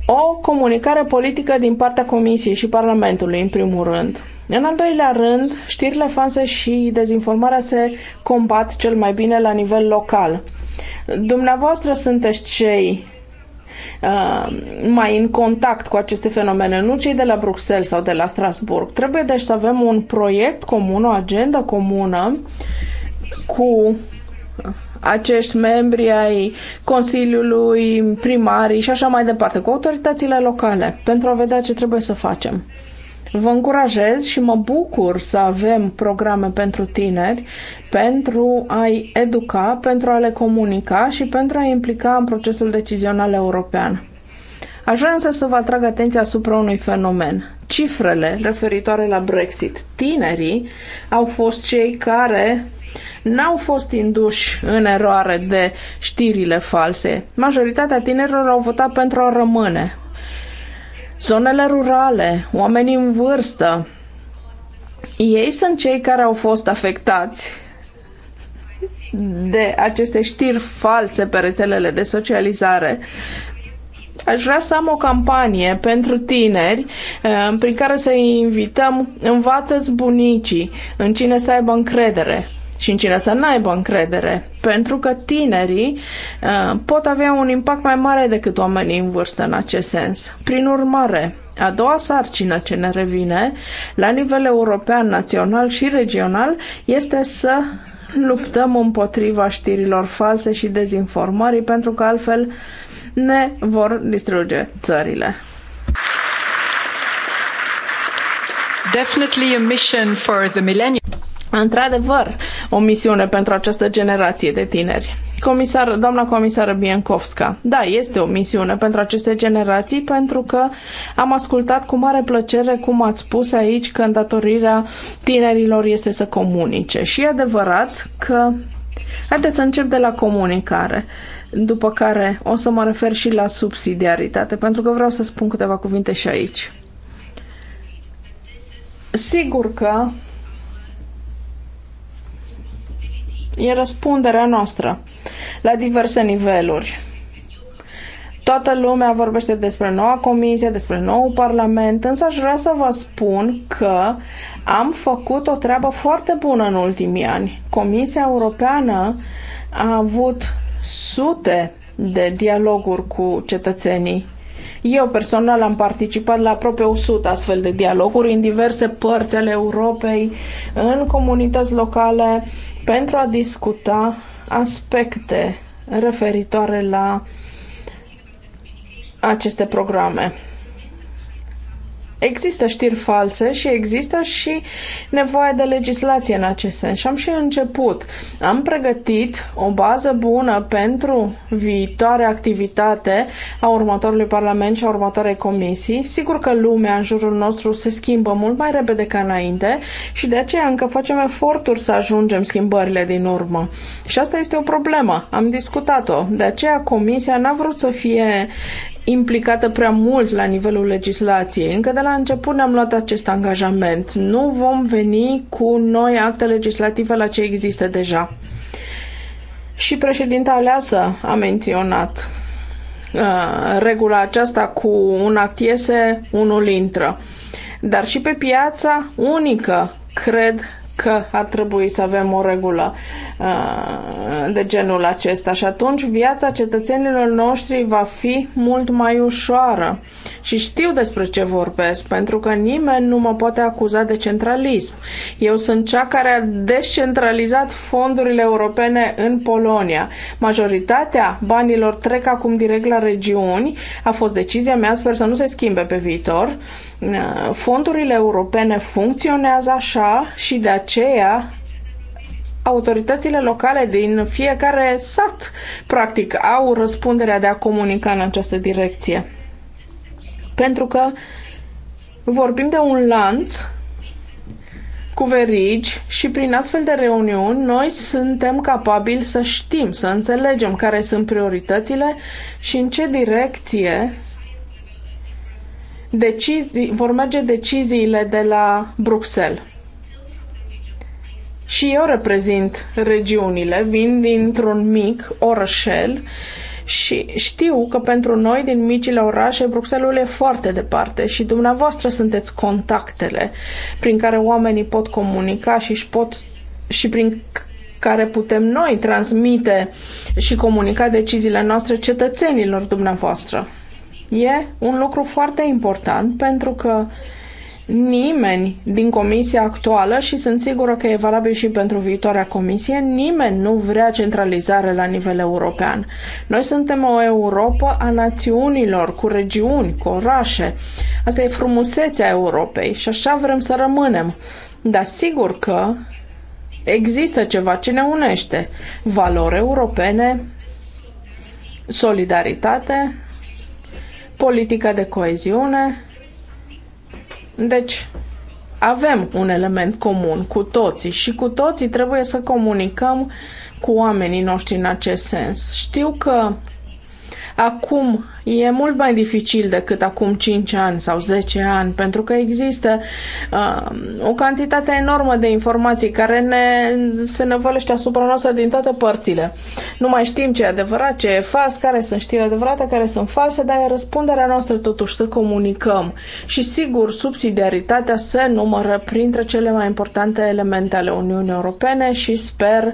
o comunicare politică din partea Comisiei și Parlamentului, în primul rând. În al doilea rând, știrile false și dezinformarea se combat cel mai bine la nivel local. Dumneavoastră sunteți cei uh, mai în contact cu aceste fenomene, nu cei de la Bruxelles sau de la Strasburg. Trebuie deci să avem un proiect comun, o agendă comună cu acești membri ai Consiliului, primarii și așa mai departe, cu autoritățile locale, pentru a vedea ce trebuie să facem. Vă încurajez și mă bucur să avem programe pentru tineri, pentru a-i educa, pentru a le comunica și pentru a-i implica în procesul decizional european. Aș vrea însă să vă atrag atenția asupra unui fenomen. Cifrele referitoare la Brexit. Tinerii au fost cei care n-au fost induși în eroare de știrile false. Majoritatea tinerilor au votat pentru a rămâne. Zonele rurale, oamenii în vârstă, ei sunt cei care au fost afectați de aceste știri false pe rețelele de socializare. Aș vrea să am o campanie pentru tineri eh, prin care să-i invităm învață-ți bunicii în cine să aibă încredere și în cine să n-aibă încredere, pentru că tinerii uh, pot avea un impact mai mare decât oamenii în vârstă în acest sens. Prin urmare, a doua sarcină ce ne revine la nivel european, național și regional este să luptăm împotriva știrilor false și dezinformării, pentru că altfel ne vor distruge țările. Definitely a mission for the millennium într-adevăr o misiune pentru această generație de tineri. Comisar, doamna comisară Biencovska, da, este o misiune pentru aceste generații pentru că am ascultat cu mare plăcere cum ați spus aici că îndatorirea tinerilor este să comunice și e adevărat că Haideți să încep de la comunicare, după care o să mă refer și la subsidiaritate, pentru că vreau să spun câteva cuvinte și aici. Sigur că E răspunderea noastră la diverse niveluri. Toată lumea vorbește despre noua comisie, despre nou parlament, însă aș vrea să vă spun că am făcut o treabă foarte bună în ultimii ani. Comisia Europeană a avut sute de dialoguri cu cetățenii eu personal am participat la aproape 100 astfel de dialoguri în diverse părți ale Europei, în comunități locale, pentru a discuta aspecte referitoare la aceste programe există știri false și există și nevoie de legislație în acest sens. Și am și început. Am pregătit o bază bună pentru viitoare activitate a următorului Parlament și a următoarei comisii. Sigur că lumea în jurul nostru se schimbă mult mai repede ca înainte și de aceea încă facem eforturi să ajungem schimbările din urmă. Și asta este o problemă. Am discutat-o. De aceea comisia n-a vrut să fie implicată prea mult la nivelul legislației. Încă de la început ne-am luat acest angajament. Nu vom veni cu noi acte legislative la ce există deja. Și președinta aleasă a menționat uh, regula aceasta cu un act iese, unul intră. Dar și pe piața unică cred că ar trebui să avem o regulă uh, de genul acesta și atunci viața cetățenilor noștri va fi mult mai ușoară. Și știu despre ce vorbesc, pentru că nimeni nu mă poate acuza de centralism. Eu sunt cea care a descentralizat fondurile europene în Polonia. Majoritatea banilor trec acum direct la regiuni. A fost decizia mea, sper să nu se schimbe pe viitor. Uh, Fondurile europene funcționează așa și de aceea autoritățile locale din fiecare sat, practic, au răspunderea de a comunica în această direcție. Pentru că vorbim de un lanț cu verigi și prin astfel de reuniuni noi suntem capabili să știm, să înțelegem care sunt prioritățile și în ce direcție decizii, vor merge deciziile de la Bruxelles. Și eu reprezint regiunile, vin dintr-un mic orășel și știu că pentru noi din micile orașe Bruxelles e foarte departe și dumneavoastră sunteți contactele prin care oamenii pot comunica și își pot și prin care putem noi transmite și comunica deciziile noastre cetățenilor dumneavoastră. E un lucru foarte important pentru că nimeni din comisia actuală și sunt sigură că e valabil și pentru viitoarea comisie, nimeni nu vrea centralizare la nivel european. Noi suntem o Europa a națiunilor, cu regiuni, cu orașe. Asta e frumusețea Europei și așa vrem să rămânem. Dar sigur că există ceva ce ne unește. Valori europene, solidaritate, politica de coeziune. Deci, avem un element comun cu toții și cu toții trebuie să comunicăm cu oamenii noștri în acest sens. Știu că Acum e mult mai dificil decât acum 5 ani sau 10 ani, pentru că există uh, o cantitate enormă de informații care ne, se năvălește asupra noastră din toate părțile. Nu mai știm ce e adevărat, ce e fals, care sunt știri adevărate, care sunt false, dar e răspunderea noastră totuși să comunicăm. Și sigur, subsidiaritatea se numără printre cele mai importante elemente ale Uniunii Europene și sper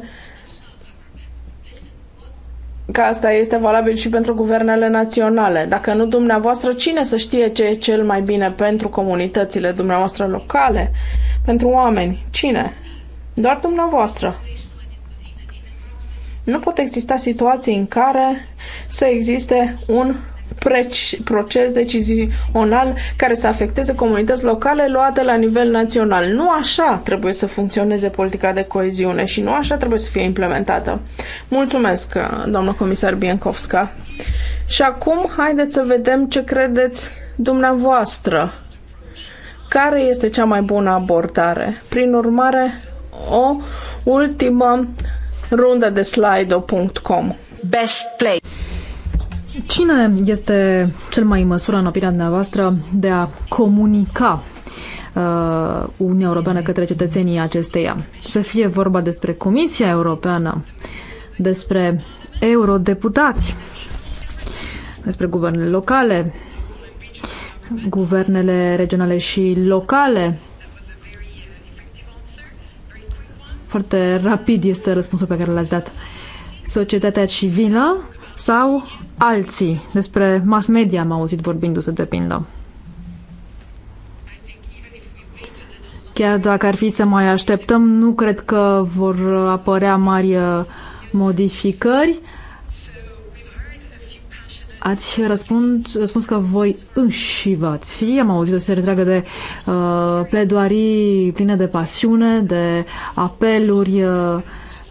că asta este valabil și pentru guvernele naționale. Dacă nu dumneavoastră, cine să știe ce e cel mai bine pentru comunitățile dumneavoastră locale, pentru oameni? Cine? Doar dumneavoastră. Nu pot exista situații în care să existe un proces decizional care să afecteze comunități locale luate la nivel național. Nu așa trebuie să funcționeze politica de coeziune și nu așa trebuie să fie implementată. Mulțumesc, doamnă comisar Biencovska. Și acum, haideți să vedem ce credeți dumneavoastră. Care este cea mai bună abordare? Prin urmare, o ultimă rundă de slido.com. Best place. Cine este cel mai în măsură, în opinia dumneavoastră, de a comunica uh, Uniunea Europeană către cetățenii acesteia? Să fie vorba despre Comisia Europeană, despre eurodeputați, despre guvernele locale, guvernele regionale și locale. Foarte rapid este răspunsul pe care l-ați dat. Societatea civilă, sau alții. Despre mass media am auzit vorbindu-se de pildă. Chiar dacă ar fi să mai așteptăm, nu cred că vor apărea mari uh, modificări. Ați răspuns, răspuns că voi înși v-ați fi. Am auzit o serie întreagă de uh, pledoarii pline de pasiune, de apeluri uh,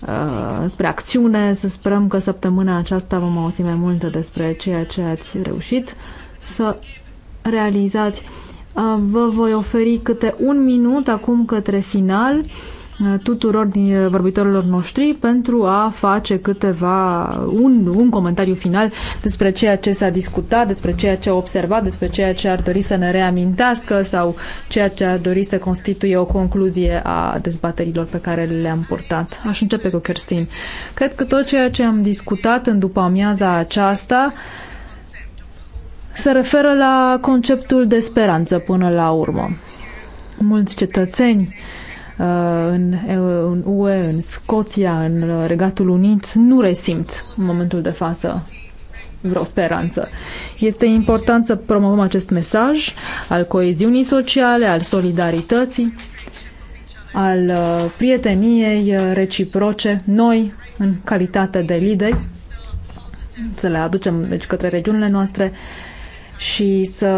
Uh, spre acțiune. Să sperăm că săptămâna aceasta vom auzi mai multe despre ceea ce ați reușit să realizați. Uh, vă voi oferi câte un minut acum către final Uh, tuturor din uh, vorbitorilor noștri pentru a face câteva, un, un comentariu final despre ceea ce s-a discutat, despre ceea ce a observat, despre ceea ce ar dori să ne reamintească sau ceea ce ar dori să constituie o concluzie a dezbaterilor pe care le-am purtat. Aș începe cu Kerstin. Cred că tot ceea ce am discutat în după amiaza aceasta se referă la conceptul de speranță până la urmă. Mulți cetățeni uh, Uh, în, în UE, în Scoția, în uh, Regatul Unit, nu resimt în momentul de față vreo speranță. Este important să promovăm acest mesaj al coeziunii sociale, al solidarității, al uh, prieteniei reciproce, noi, în calitate de lideri, să le aducem deci, către regiunile noastre, uh, și să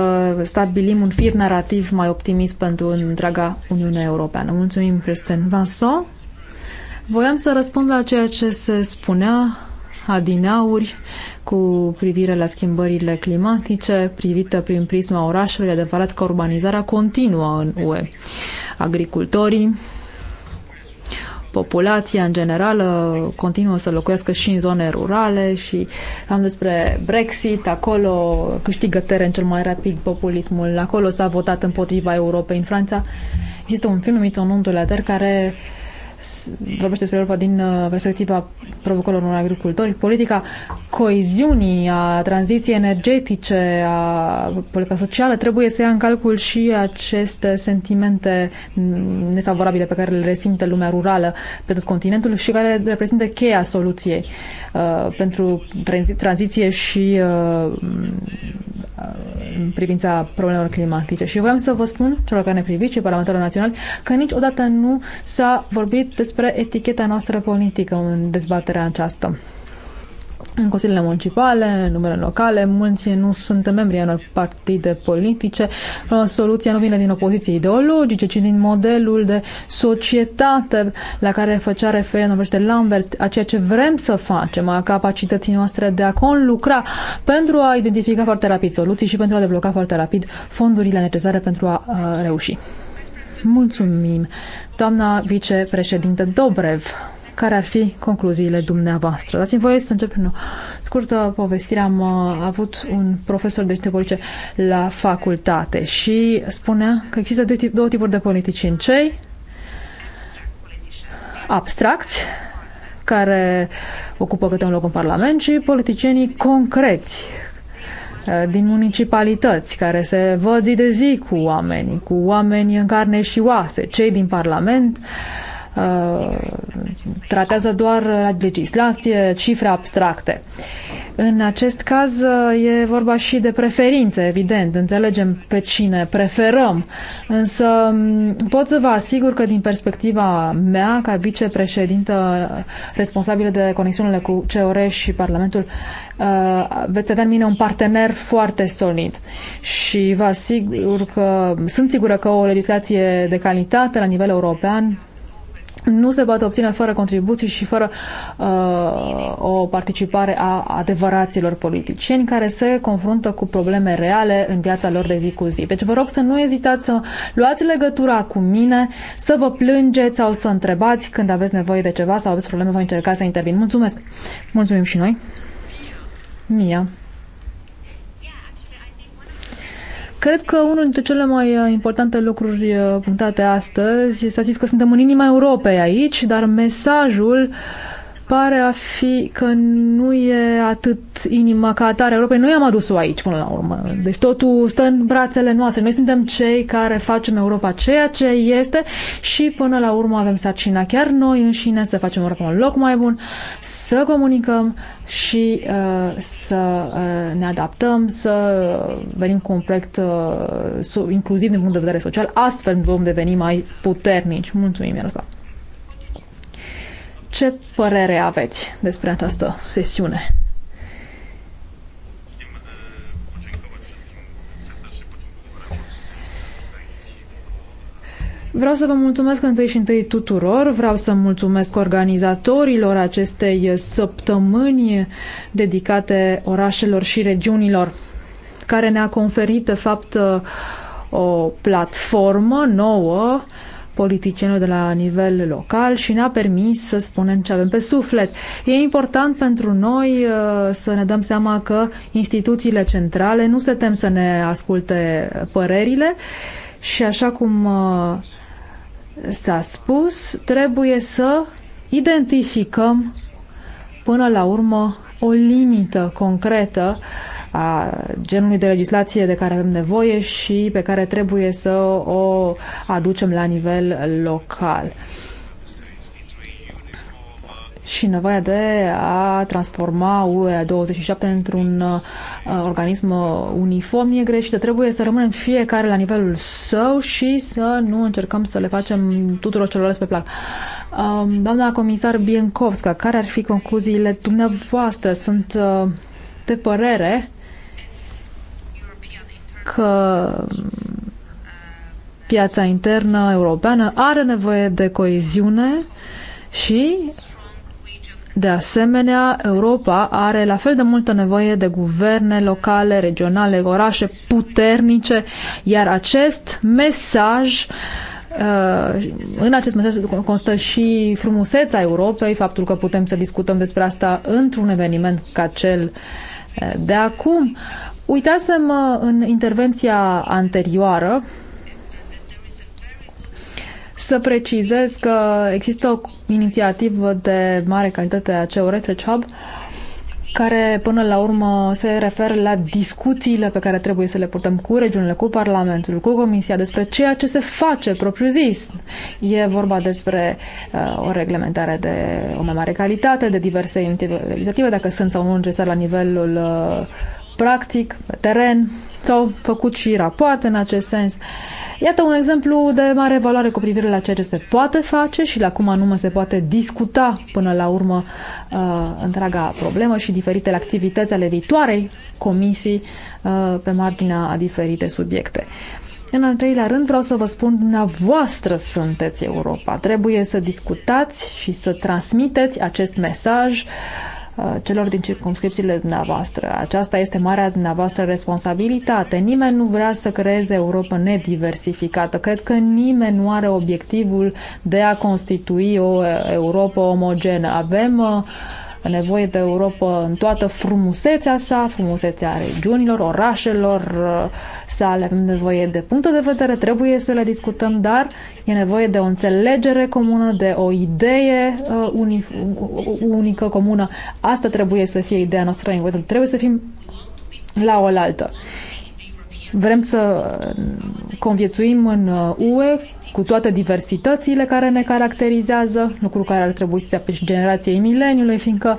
stabilim un fir narrativ mai optimist pentru întreaga Uniune Europeană. Mulțumim, President Vincent. Voiam să răspund la ceea ce se spunea adinauri cu privire la schimbările climatice, privită prin prisma orașelor, e adevărat că urbanizarea continuă în UE. Agricultorii, populația în general uh, continuă să locuiască și în zone rurale și am despre Brexit, acolo câștigă teren cel mai rapid populismul, acolo s-a votat împotriva Europei în Franța. Există un film numit Un om de la care uh, vorbește despre Europa din uh, perspectiva provocărilor unor agricultori, politica coeziunii, a tranziției energetice, a politica socială, trebuie să ia în calcul și aceste sentimente mm, nefavorabile pe care le resimte lumea rurală pe tot continentul și care reprezintă cheia soluției uh, pentru tranzi tranziție și uh, mm, în privința problemelor climatice. Și vreau să vă spun, celor care ne priviți, și parlamentarul național, că niciodată nu s-a vorbit despre eticheta noastră politică în dezbaterea aceasta. În consiliile municipale, în numele locale, mulți nu sunt membri ai unor partide politice. Uh, soluția nu vine din opoziție ideologice, ci din modelul de societate la care făcea referire vorbește Lambert, a ceea ce vrem să facem, a capacității noastre de a conlucra pentru a identifica foarte rapid soluții și pentru a debloca foarte rapid fondurile necesare pentru a reuși. Mulțumim, doamna vicepreședinte Dobrev. Care ar fi concluziile dumneavoastră? Dați-mi voie să încep în o scurtă povestire. Am uh, avut un profesor de științe politice la facultate și spunea că există două, tip, două tipuri de politicieni. Cei abstracți, care ocupă câte un loc în Parlament, și politicienii concreți, Uh, din municipalități care se văd zi de zi cu oamenii, cu oameni în carne și oase, cei din Parlament, uh, Uh, tratează doar legislație, cifre abstracte. În acest caz uh, e vorba și de preferințe, evident, înțelegem pe cine preferăm, însă um, pot să vă asigur că din perspectiva mea, ca vicepreședintă responsabilă de conexiunile cu CEOR și Parlamentul, uh, veți avea în mine un partener foarte solid și vă asigur că sunt sigură că o legislație de calitate la nivel european nu se poate obține fără contribuții și fără uh, o participare a adevăraților politicieni care se confruntă cu probleme reale în viața lor de zi cu zi. Deci vă rog să nu ezitați să luați legătura cu mine, să vă plângeți sau să întrebați când aveți nevoie de ceva sau aveți probleme, voi încerca să intervin. Mulțumesc! Mulțumim și noi! Mia! Cred că unul dintre cele mai uh, importante lucruri uh, punctate astăzi s-a zis că suntem în inima Europei aici, dar mesajul uh, pare a fi că nu e atât inima ca atare Europei. Noi am adus-o aici până la urmă. Deci totul stă în brațele noastre. Noi suntem cei care facem Europa ceea ce este și până la urmă avem sarcina chiar noi înșine să facem Europa un loc mai bun, să comunicăm și uh, să uh, ne adaptăm, să venim cu un proiect uh, inclusiv din punct de vedere social. Astfel vom deveni mai puternici. Mulțumim, Miroslav! Ce părere aveți despre această sesiune? Vreau să vă mulțumesc întâi și întâi tuturor, vreau să mulțumesc organizatorilor acestei săptămâni dedicate orașelor și regiunilor, care ne-a conferit, de fapt, o platformă nouă politicienilor de la nivel local și ne-a permis să spunem ce avem pe suflet. E important pentru noi uh, să ne dăm seama că instituțiile centrale nu se tem să ne asculte părerile și așa cum uh, s-a spus, trebuie să identificăm până la urmă o limită concretă a genului de legislație de care avem nevoie și pe care trebuie să o aducem la nivel local și nevoia de a transforma UE27 într-un uh, organism uniform e greșită. Trebuie să rămânem fiecare la nivelul său și să nu încercăm să le facem tuturor celorlalți pe plac. Um, doamna comisar Biencovska, care ar fi concluziile dumneavoastră? Sunt uh, de părere că piața internă europeană are nevoie de coeziune și de asemenea, Europa are la fel de multă nevoie de guverne locale, regionale, orașe puternice, iar acest mesaj uh, în acest mesaj constă și frumusețea Europei, faptul că putem să discutăm despre asta într-un eveniment ca cel uh, de acum. Uitasem în intervenția anterioară să precizez că există o inițiativă de mare calitate a CEO Research Hub care până la urmă se referă la discuțiile pe care trebuie să le purtăm cu regiunile, cu Parlamentul, cu Comisia despre ceea ce se face propriu zis. E vorba despre uh, o reglementare de o mai mare calitate, de diverse inițiative, dacă sunt sau nu necesar la nivelul uh, practic, pe teren, s-au făcut și rapoarte în acest sens. Iată un exemplu de mare valoare cu privire la ceea ce se poate face și la cum anume se poate discuta până la urmă uh, întreaga problemă și diferitele activități ale viitoarei comisii uh, pe marginea a diferite subiecte. În al treilea rând vreau să vă spun, dumneavoastră sunteți Europa. Trebuie să discutați și să transmiteți acest mesaj uh, Uh, celor din circumscripțiile dumneavoastră. Aceasta este marea dumneavoastră responsabilitate. Nimeni nu vrea să creeze Europa nediversificată. Cred că nimeni nu are obiectivul de a constitui o uh, Europa omogenă. Avem uh, nevoie de Europa în toată frumusețea sa, frumusețea regiunilor, orașelor uh, sale. Avem nevoie de punct de vedere, trebuie să le discutăm, dar e nevoie de o înțelegere comună, de o idee uh, unif- unică, comună. Asta trebuie să fie ideea noastră, trebuie să fim la oaltă. Vrem să conviețuim în uh, UE cu toate diversitățile care ne caracterizează, lucru care ar trebui să se aplice generației mileniului, fiindcă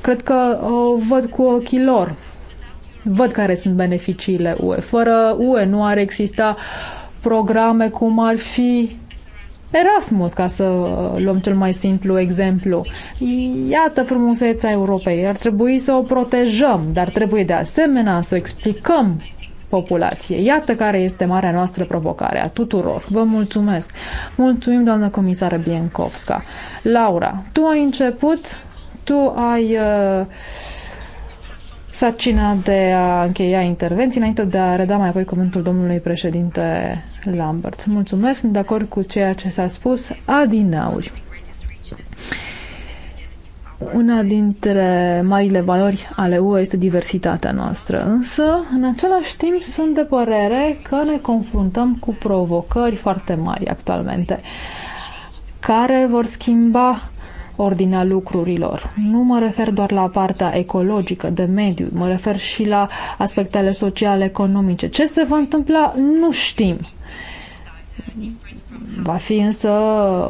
cred că o văd cu ochii lor. Văd care sunt beneficiile UE. Fără UE nu ar exista programe cum ar fi Erasmus, ca să uh, luăm cel mai simplu exemplu. Iată frumusețea Europei. Ar trebui să o protejăm, dar trebuie de asemenea să o explicăm populație. Iată care este marea noastră provocare a tuturor. Vă mulțumesc. Mulțumim, doamnă comisară Biencovska. Laura, tu ai început, tu ai uh, sarcina de a încheia intervenții înainte de a reda mai apoi cuvântul domnului președinte Lambert. Mulțumesc, sunt de acord cu ceea ce s-a spus. Adinauri. Una dintre marile valori ale UE este diversitatea noastră, însă, în același timp, sunt de părere că ne confruntăm cu provocări foarte mari actualmente, care vor schimba ordinea lucrurilor. Nu mă refer doar la partea ecologică, de mediu, mă refer și la aspectele sociale, economice. Ce se va întâmpla, nu știm Va fi însă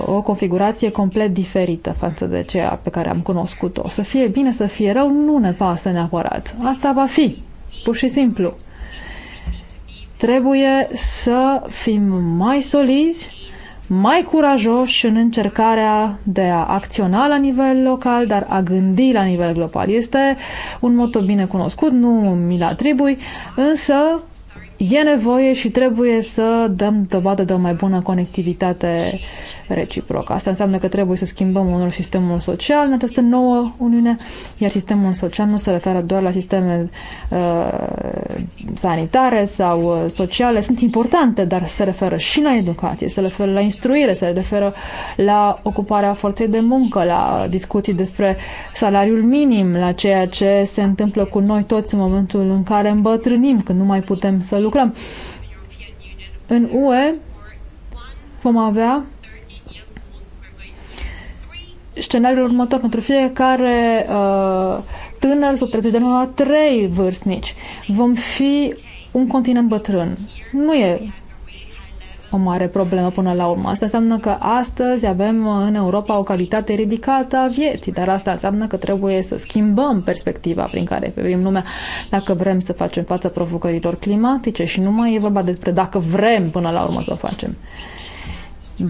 o configurație complet diferită față de ceea pe care am cunoscut-o. să fie bine, să fie rău, nu ne pasă neapărat. Asta va fi, pur și simplu. Trebuie să fim mai solizi, mai curajoși în încercarea de a acționa la nivel local, dar a gândi la nivel global. Este un motto bine cunoscut, nu mi-l atribui, însă E nevoie și trebuie să dăm dovadă de o mai bună conectivitate reciproc. Asta înseamnă că trebuie să schimbăm unul sistemul social în această nouă Uniune, iar sistemul social nu se referă doar la sisteme uh, sanitare sau uh, sociale, sunt importante, dar se referă și la educație, se referă la instruire, se referă la ocuparea forței de muncă, la discuții despre salariul minim, la ceea ce se întâmplă cu noi toți în momentul în care îmbătrânim, când nu mai putem să lucrăm. În UE vom avea scenariul următor pentru fiecare uh, tânăr sub 30 de ani la trei vârstnici. Vom fi un continent bătrân. Nu e o mare problemă până la urmă. Asta înseamnă că astăzi avem în Europa o calitate ridicată a vieții, dar asta înseamnă că trebuie să schimbăm perspectiva prin care privim lumea dacă vrem să facem față provocărilor climatice și nu mai e vorba despre dacă vrem până la urmă să o facem.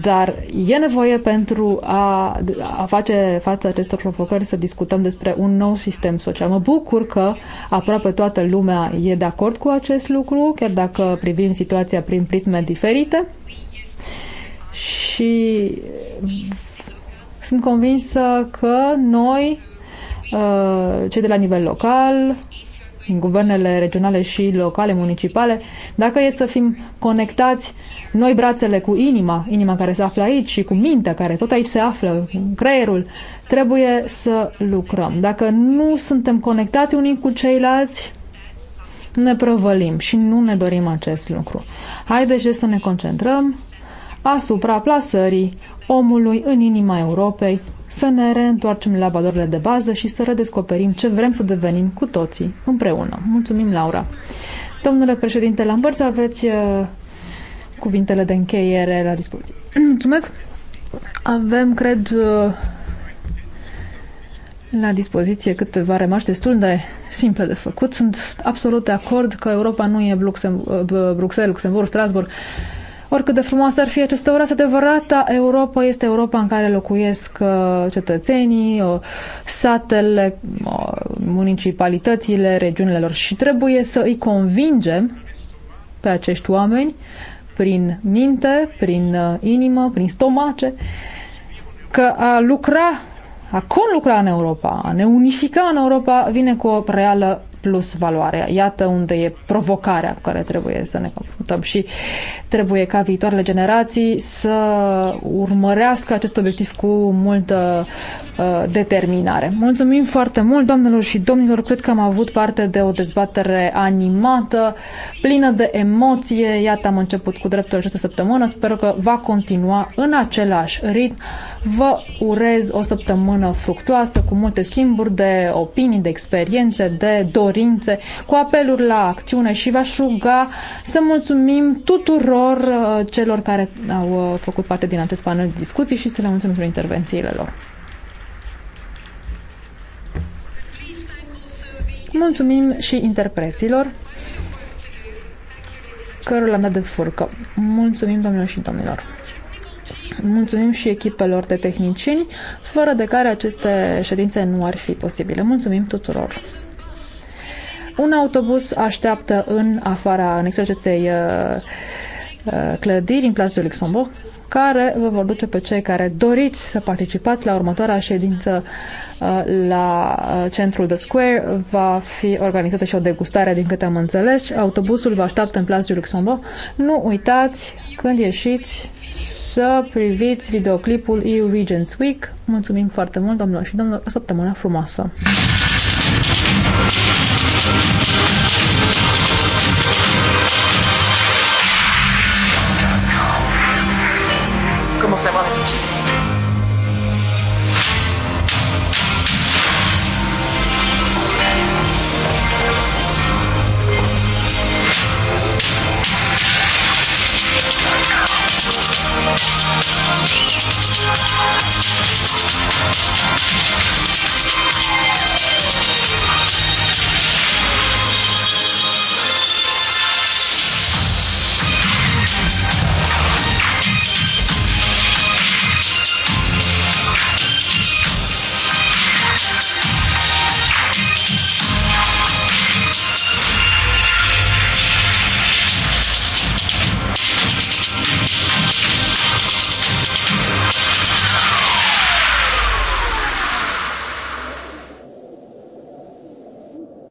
Dar e nevoie pentru a, a face față acestor provocări să discutăm despre un nou sistem social. Mă bucur că aproape toată lumea e de acord cu acest lucru, chiar dacă privim situația prin prisme diferite. Și sunt convinsă că noi, uh, cei de la nivel local, prin guvernele regionale și locale, municipale, dacă e să fim conectați noi brațele cu inima, inima care se află aici și cu mintea care tot aici se află, creierul, trebuie să lucrăm. Dacă nu suntem conectați unii cu ceilalți, ne prăvălim și nu ne dorim acest lucru. Haideți să ne concentrăm asupra plasării omului în inima Europei, să ne reîntoarcem la valorile de bază și să redescoperim ce vrem să devenim cu toții împreună. Mulțumim, Laura! Domnule președinte Lambert, aveți uh, cuvintele de încheiere la dispoziție. Mulțumesc! Avem, cred, uh, la dispoziție câteva rămași destul de simple de făcut. Sunt absolut de acord că Europa nu e uh, Bruxelles, Luxemburg, Strasburg. Oricât de frumoasă ar fi această oraș, adevărata Europa este Europa în care locuiesc uh, cetățenii, uh, satele, uh, municipalitățile, regiunile lor și trebuie să îi convingem pe acești oameni prin minte, prin inimă, prin stomace, că a lucra, a conlucra în Europa, a ne unifica în Europa, vine cu o reală plus valoare. Iată unde e provocarea cu care trebuie să ne confruntăm și trebuie ca viitoarele generații să urmărească acest obiectiv cu multă uh, determinare. Mulțumim foarte mult, doamnelor și domnilor, cred că am avut parte de o dezbatere animată, plină de emoție. Iată, am început cu dreptul această săptămână, sper că va continua în același ritm. Vă urez o săptămână fructuoasă, cu multe schimburi de opinii, de experiențe, de dorințe dorințe, cu apeluri la acțiune și v șuga să mulțumim tuturor uh, celor care au uh, făcut parte din acest panel de discuții și să le mulțumim pentru intervențiile lor. Mulțumim și interpreților cărora le-am dat de furcă. Mulțumim, domnilor și domnilor. Mulțumim și echipelor de tehnicieni, fără de care aceste ședințe nu ar fi posibile. Mulțumim tuturor! Un autobuz așteaptă în afara în acestei uh, uh, clădiri, în Place de Luxemburg, care vă vor duce pe cei care doriți să participați la următoarea ședință uh, la centrul de Square. Va fi organizată și o degustare, din câte am înțeles. Autobuzul vă așteaptă în Place de Luxemburg. Nu uitați, când ieșiți, să priviți videoclipul EU Regents Week. Mulțumim foarte mult, domnilor și domnilor, o săptămână frumoasă!